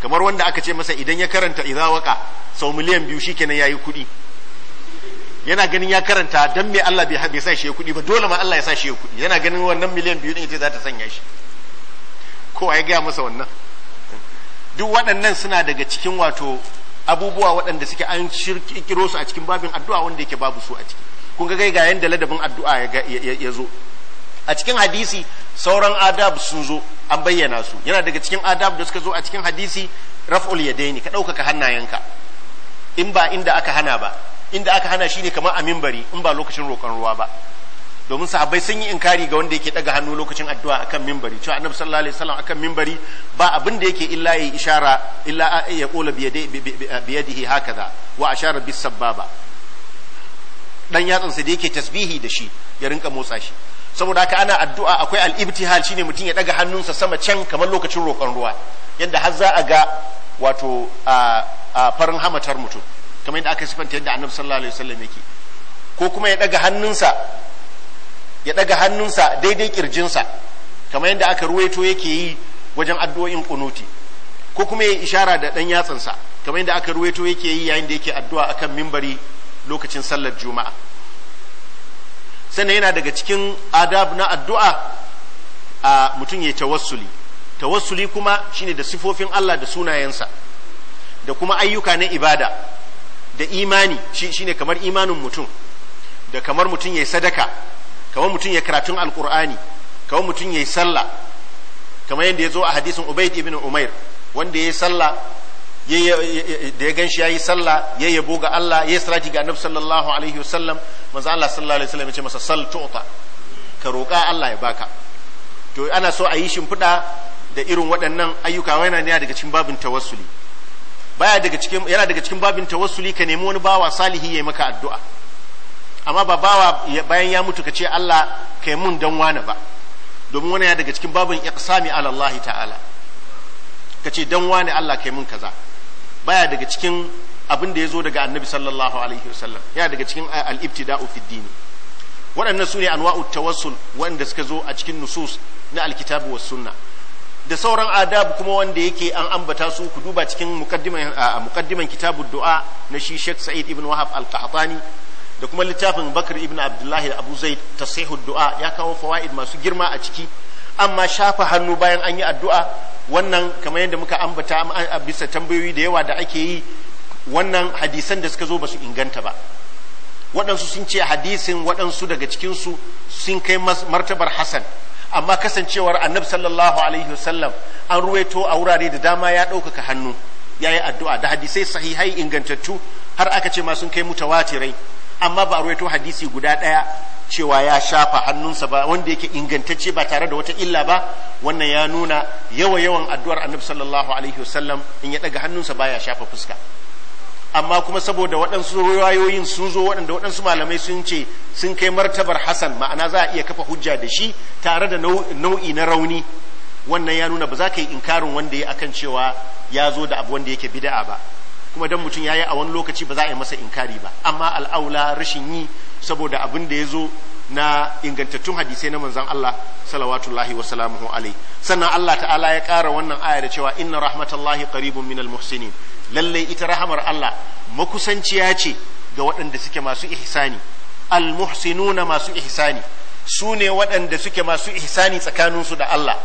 kamar wanda aka ce masa idan ya karanta idza waka sau miliyan biyu shikenan yayi kuɗi yana ganin ya karanta dan me Allah bai sa shi ya kuɗi ba dole ma Allah ya sa shi ya kuɗi yana ganin wannan miliyan biyu din ita za ta sanya shi kowa ya gaya masa wannan duk waɗannan suna daga cikin wato abubuwa waɗanda suke an kiro su a cikin babin addu'a wanda yake babu su a ciki kun ga ga yanda ladabin addu'a ya zo a cikin hadisi sauran adab sun zo an bayyana su yana daga cikin adab da suka zo a cikin hadisi raf'ul yadaini ka ɗaukaka hannayenka in ba inda aka hana ba inda aka hana shine kamar a mimbari in ba lokacin roƙon ruwa ba domin sahabbai sun yi inkari ga wanda yake daga hannu lokacin addu'a akan mimbari cewa annabi sallallahu alaihi wasallam akan mimbari ba abin da yake illa ya ishara illa ya qula biyadihi hakaza wa ashara bis sababa dan yatsan sa da yake tasbihi da shi ya rinka motsa shi saboda haka ana addu'a akwai al-ibtihal shine mutum ya daga hannunsa sama can kamar lokacin roƙon ruwa yanda har za a ga wato a farin hamatar mutum kamar yadda aka sifanta yadda annabi sallallahu alaihi wasallam yake ko kuma ya daga hannunsa ya daga hannunsa daidai kirjinsa kamar yadda aka ruwaito yake yi wajen addu'o'in kunuti ko kuma ya ishara da dan yatsansa kamar yadda aka ruwaito yake yi yayin da yake addu'a akan mimbari lokacin sallar juma'a sannan yana daga cikin adab na addu'a a mutum ya tawassuli tawassuli kuma shine da sifofin Allah da sunayensa da kuma ayyuka na ibada da imani shine kamar imanin mutum da kamar mutum ya sadaka kamar mutum ya karatun alkur'ani kamar mutum ya sallah kamar yadda ya zo a hadisin ubaid ibn umair wanda ya yi sallah da ya ganshi yi sallah ya yabo ga Allah ya salati ga Annabi sallallahu alaihi wasallam manzo Allah sallallahu alaihi wasallam ya ce masa sal tu'ta ka roƙa Allah ya baka to ana so a yi shimfiɗa da irin waɗannan ayyuka yana ne daga cikin babin tawassuli baya daga cikin yana daga cikin babin tawassuli ka nemi wani bawa salihi yayi maka addu'a amma ba bawa bayan ya mutu ka ce Allah kai mun dan wani ba domin wani ya daga cikin babin iqsami ala Allah ta'ala ka ce dan wani Allah kai mun kaza baya daga cikin abin da ya zo daga annabi sallallahu alaihi wasallam yana daga cikin eh, al-ibtida'u fi dini waɗannan su ne anwa'u tawassul waɗanda suka zo a cikin nusus na alkitabu was sunna da sauran adab kuma wanda yake an ambata su ku duba cikin a mukaddiman eh, kitabu du'a na shi Sheikh Sa'id ibn Wahab al-Qahtani da kuma littafin Bakr ibn Abdullah Abu Zaid tasihud du'a ya kawo fawaid masu girma a ciki amma shafa hannu bayan an yi addu'a wannan kamar yadda muka ambata a bisa tambayoyi da yawa da ake yi wannan hadisan da suka zo ba su inganta ba waɗansu sun ce hadisin waɗansu daga cikinsu sun kai martabar Hassan amma kasancewar annab sallallahu alaihi wasallam an ruwaito a wurare da dama ya ɗaukaka hannu ya yi addu'a da hadisai sahihai ingantattu har aka ce ma sun kai mutawatirai amma ba a ruwaito hadisi guda ɗaya cewa ya shafa hannunsa ba wanda yake ingantacce ba tare da wata illa ba wannan ya nuna yawa yawan addu'ar annabi sallallahu alaihi wasallam in ya daga hannunsa baya shafa fuska amma kuma saboda waɗansu riwayoyin sun zo waɗanda waɗansu malamai sun ce sun kai martabar hasan ma'ana za a iya kafa hujja da shi tare da nau'i na rauni wannan ya nuna ba za ka yi inkarin wanda ya akan cewa ya zo da abu wanda yake bida'a ba kuma dan mutum yayi a wani lokaci ba za a yi masa inkari ba amma al'aula rashin yi saboda abin da ya zo na ingantattun hadisai na manzon Allah salawatullahi wa salamuhu alai sannan Allah ta'ala ya ƙara wannan aya da cewa inna rahmatallahi qaribun minal muhsinin lalle ita rahamar Allah makusanciya ce ga waɗanda suke masu ihsani almuhsinuna muhsinuna masu ihsani sune waɗanda suke masu ihsani tsakaninsu da Allah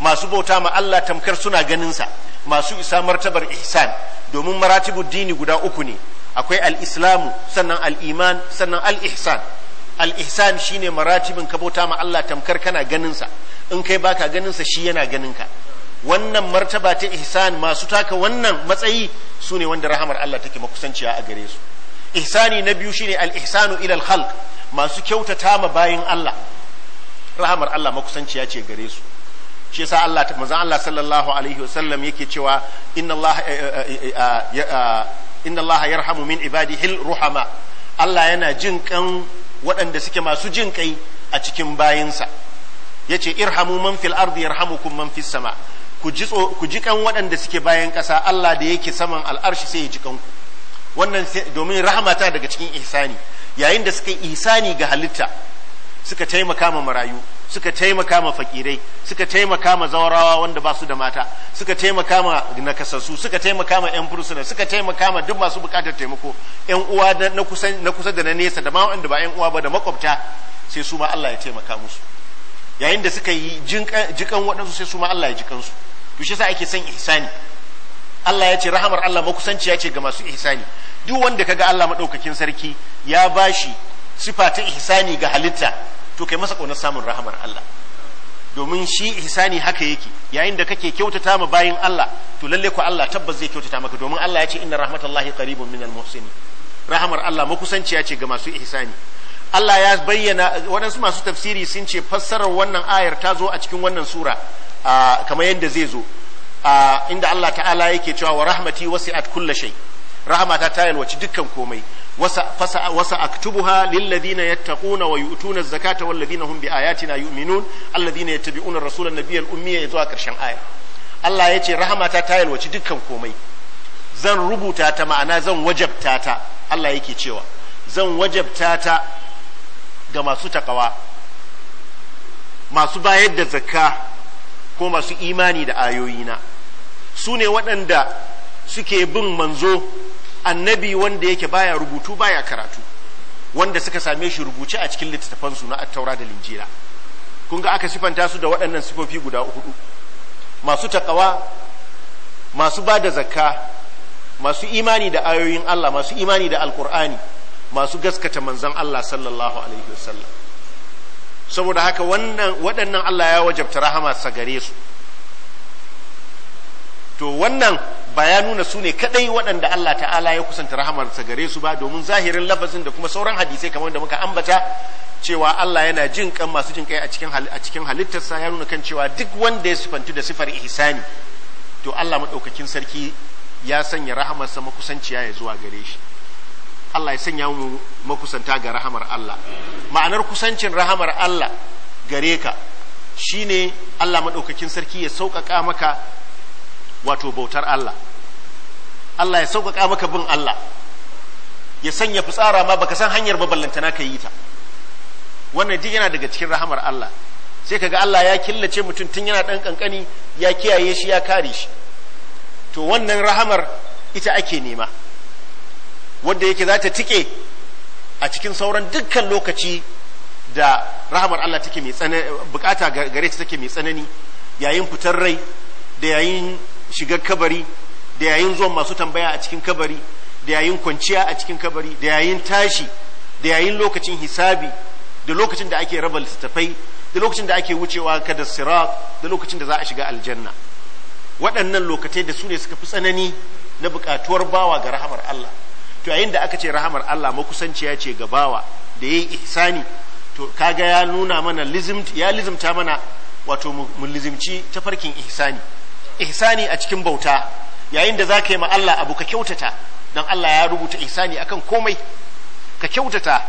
masu bauta ma Allah tamkar suna ganinsa masu isa martabar ihsan domin maratibud dini guda uku ne akwai al-islamu sannan al-iman sannan al-ihsan al-ihsan shine maratibin ka bauta ma Allah tamkar kana ganinsa in kai baka ganinsa shi yana ganinka wannan martaba ta ihsan masu taka wannan matsayi su ne wanda rahamar Allah take makusanciya a gare su ihsani na biyu shine al-ihsanu ila al-khalq masu kyautata ma bayin Allah rahamar Allah makusanciya ce gare su shi yasa Allah manzon Allah sallallahu alaihi wasallam yake cewa inna Allah eh, eh, eh, ah, ah, inna Allah yarhamu min ibadihi ruhama Allah yana jin kan waɗanda suke masu jin kai a cikin bayinsa yace irhamu man fil ardi yarhamukum man fis sama ku ji ku ji kan waɗanda suke bayan ƙasa Allah da yake saman al'arshi sai ya ji kanku wannan domin rahamata daga cikin ihsani yayin da suka ihsani ga halitta suka taimaka ma marayu suka taimaka ma fakirai suka taimaka ma zaurawa wanda ba su da mata suka taimaka ma nakasassu suka taimaka ma yan fursuna suka taimaka ma duk masu bukatar taimako yan uwa na kusa da na nesa da ma wanda ba yan uwa ba da makwabta sai su ma Allah ya taimaka musu yayin da suka yi jikan waɗansu sai su ma Allah ya jikan su to shi yasa ake son ihsani Allah ya ce rahamar Allah makusanciya ce ga masu ihsani duk wanda kaga Allah madaukakin sarki ya bashi sifa ta ihsani ga halitta to kai masa ƙaunar samun rahamar Allah domin shi ihsani haka yake yayin da kake kyautata ma bayin Allah to lalle ku Allah tabbas zai kyautata maka domin Allah ya ce inna rahmatallahi qaribun minal muhsinin rahamar Allah makusanciya ce ga masu ihsani Allah ya bayyana waɗansu masu tafsiri sun ce fassarar wannan ayar ta zo a cikin wannan sura kamar yadda zai zo inda Allah ta'ala yake cewa wa rahmati wasi'at kullashai, shay rahmata ta yalwaci dukkan komai wasa aktubuha lilladhina yattaquna wa yu'tuna az-zakata walladhina hum biayatina yu'minun alladhina yattabi'una ar-rasula an-nabiyya al-ummiyya yazo karshen aya Allah yace Rahama ta yalwaci dukkan komai zan rubuta ta ma'ana zan wajabta ta Allah yake cewa zan wajabta ta ga masu takawa masu bayar da zakka ko masu imani da ayoyina su ne waɗanda suke bin manzo annabi wanda yake baya rubutu baya karatu wanda suka same shi rubuce a cikin littattafansu na attaura da linjira kun ga aka sifanta su da waɗannan sifofi guda hudu masu takawa masu ba da zakka masu imani da ayoyin Allah masu imani da alkur'ani masu gaskata manzan Allah sallallahu alaihi wasallam saboda haka wannan waɗannan Allah ya wajabta rahama sa gare su to wannan ba ya nuna su ne kadai waɗanda Allah ta'ala ya kusanta rahamarsa gare su ba domin zahirin lafazin da kuma sauran hadisai kamar da muka ambata cewa Allah yana jin kan masu jin kai a cikin a cikin halittarsa ya nuna kan cewa duk wanda ya sifantu da sifar ihsani to Allah madaukakin sarki ya sanya rahamarsa makusanciya ya zuwa gare shi Allah ya sanya mu makusanta ga rahamar Allah ma'anar kusancin rahamar Allah gare ka shine Allah madaukakin sarki ya sauƙaƙa maka wato bautar Allah Allah ya sauƙaƙa maka bin Allah ya sanya fitsara ma baka san hanyar baballantana ka yi ta wannan duk yana daga cikin rahamar Allah sai kaga Allah ya killace mutum tun yana ɗan ƙanƙani ya kiyaye shi ya kare shi to wannan rahamar ita ake nema wanda yake za ta tike a cikin sauran dukkan lokaci da rahamar Allah take mai tsanani bukata gare ta take mai tsanani yayin fitar rai da yayin shigar kabari da yayin zuwan masu tambaya a cikin kabari da yayin kwanciya a cikin kabari da yayin tashi da yayin lokacin hisabi da lokacin da ake raba littattafai da lokacin da ake wucewa kada sirat da lokacin da za a shiga aljanna waɗannan lokacin da su ne suka fi tsanani na buƙatuwar bawa ga rahamar Allah to yayin da aka ce rahamar Allah makusanciya ce ga bawa da yayi ihsani to kaga ya nuna mana ya lizimta mana wato mu lizimci farkin ihsani ihsani a cikin bauta yayin da za ka yi ma Allah abu ka kyautata don Allah ya rubuta ihsani akan komai ka kyautata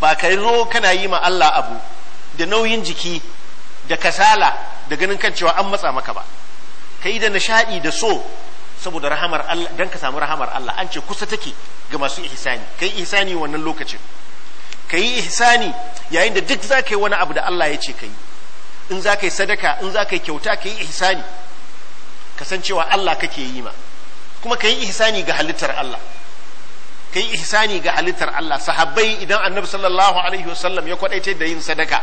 ba ka zo kana yi ma Allah abu da nauyin jiki da kasala da ganin kan cewa an matsa maka ba ka yi da nishadi da so saboda rahamar Allah don ka samu rahamar Allah an ce kusa take ga masu ihsani ka yi ihsani wannan lokacin ka yi ihsani yayin da duk za ka yi wani abu da Allah ya ce ka yi in za ka yi sadaka in za ka yi kyauta ka yi ihsani cewa Allah kake yi ma kuma ka yi ihsani ga halittar Allah ka yi ihsani ga halittar Allah sahabbai idan annabi sallallahu alaihi wasallam ya kwadaita da yin sadaka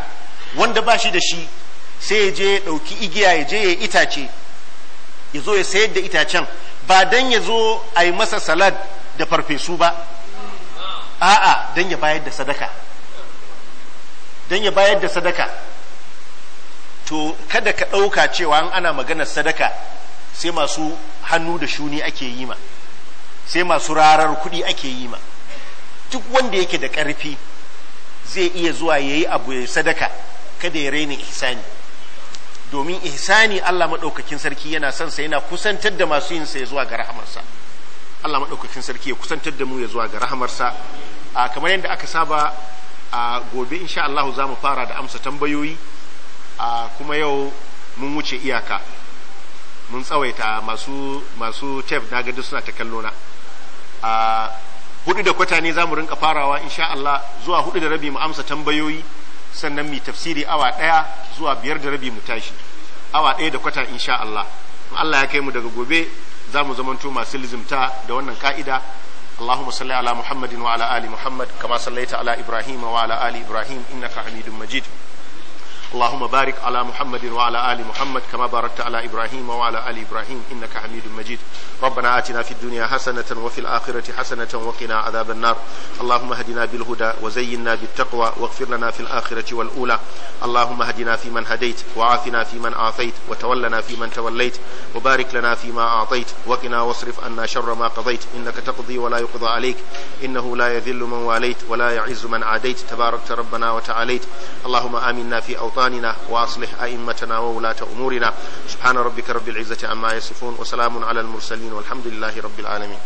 wanda ba shi da shi sai ya je ya ɗauki igiya ya je ya itace ya zo ya sayar da itacen ba dan ya zo a yi masa salad da farfesu ba a'a dan ya bayar da sadaka dan ya bayar da sadaka to kada ka ɗauka cewa an ana maganar sadaka sai masu hannu da shuni ake yi ma sai masu rarar kuɗi ake yi ma duk wanda yake da ƙarfi zai iya zuwa ya yi abu ya sadaka kada ya raina ihsani domin ihsani Allah maɗaukakin sarki yana son sa yana kusantar da masu yin ya zuwa ga rahamarsa Allah maɗaukakin sarki ya kusantar da mu ya zuwa ga rahamarsa a kamar yadda aka saba a gobe insha Allah za mu fara da amsa tambayoyi a kuma yau mun wuce iyaka mun tsawaita masu masu tef na gadi suna ta kallo na a hudu da kwata ne za mu rinka farawa insha Allah zuwa hudu da rabi mu amsa tambayoyi sannan mu tafsiri awa daya zuwa biyar da rabi mu tashi awa daya da kwata insha Allah in Allah ya kai mu daga gobe za mu zamanto masu lizimta da wannan ka'ida ala Muhammadin wa ala ali Muhammad kama sallaita ala ibrahim wa ala ali Ibrahim innaka Hamidum Majid اللهم بارك على محمد وعلى آل محمد كما باركت على إبراهيم وعلى آل إبراهيم إنك حميد مجيد ربنا آتنا في الدنيا حسنة وفي الآخرة حسنة وقنا عذاب النار اللهم هدنا بالهدى وزينا بالتقوى واغفر لنا في الآخرة والأولى اللهم هدنا فيمن هديت وعافنا فيمن عافيت وتولنا فيمن توليت وبارك لنا فيما أعطيت وقنا واصرف عنا شر ما قضيت إنك تقضي ولا يقضى عليك إنه لا يذل من واليت ولا يعز من عاديت تباركت ربنا وتعاليت اللهم آمنا في أوطاننا أوطاننا وأصلح أئمتنا وولاة أمورنا سبحان ربك رب العزة عما يصفون وسلام على المرسلين والحمد لله رب العالمين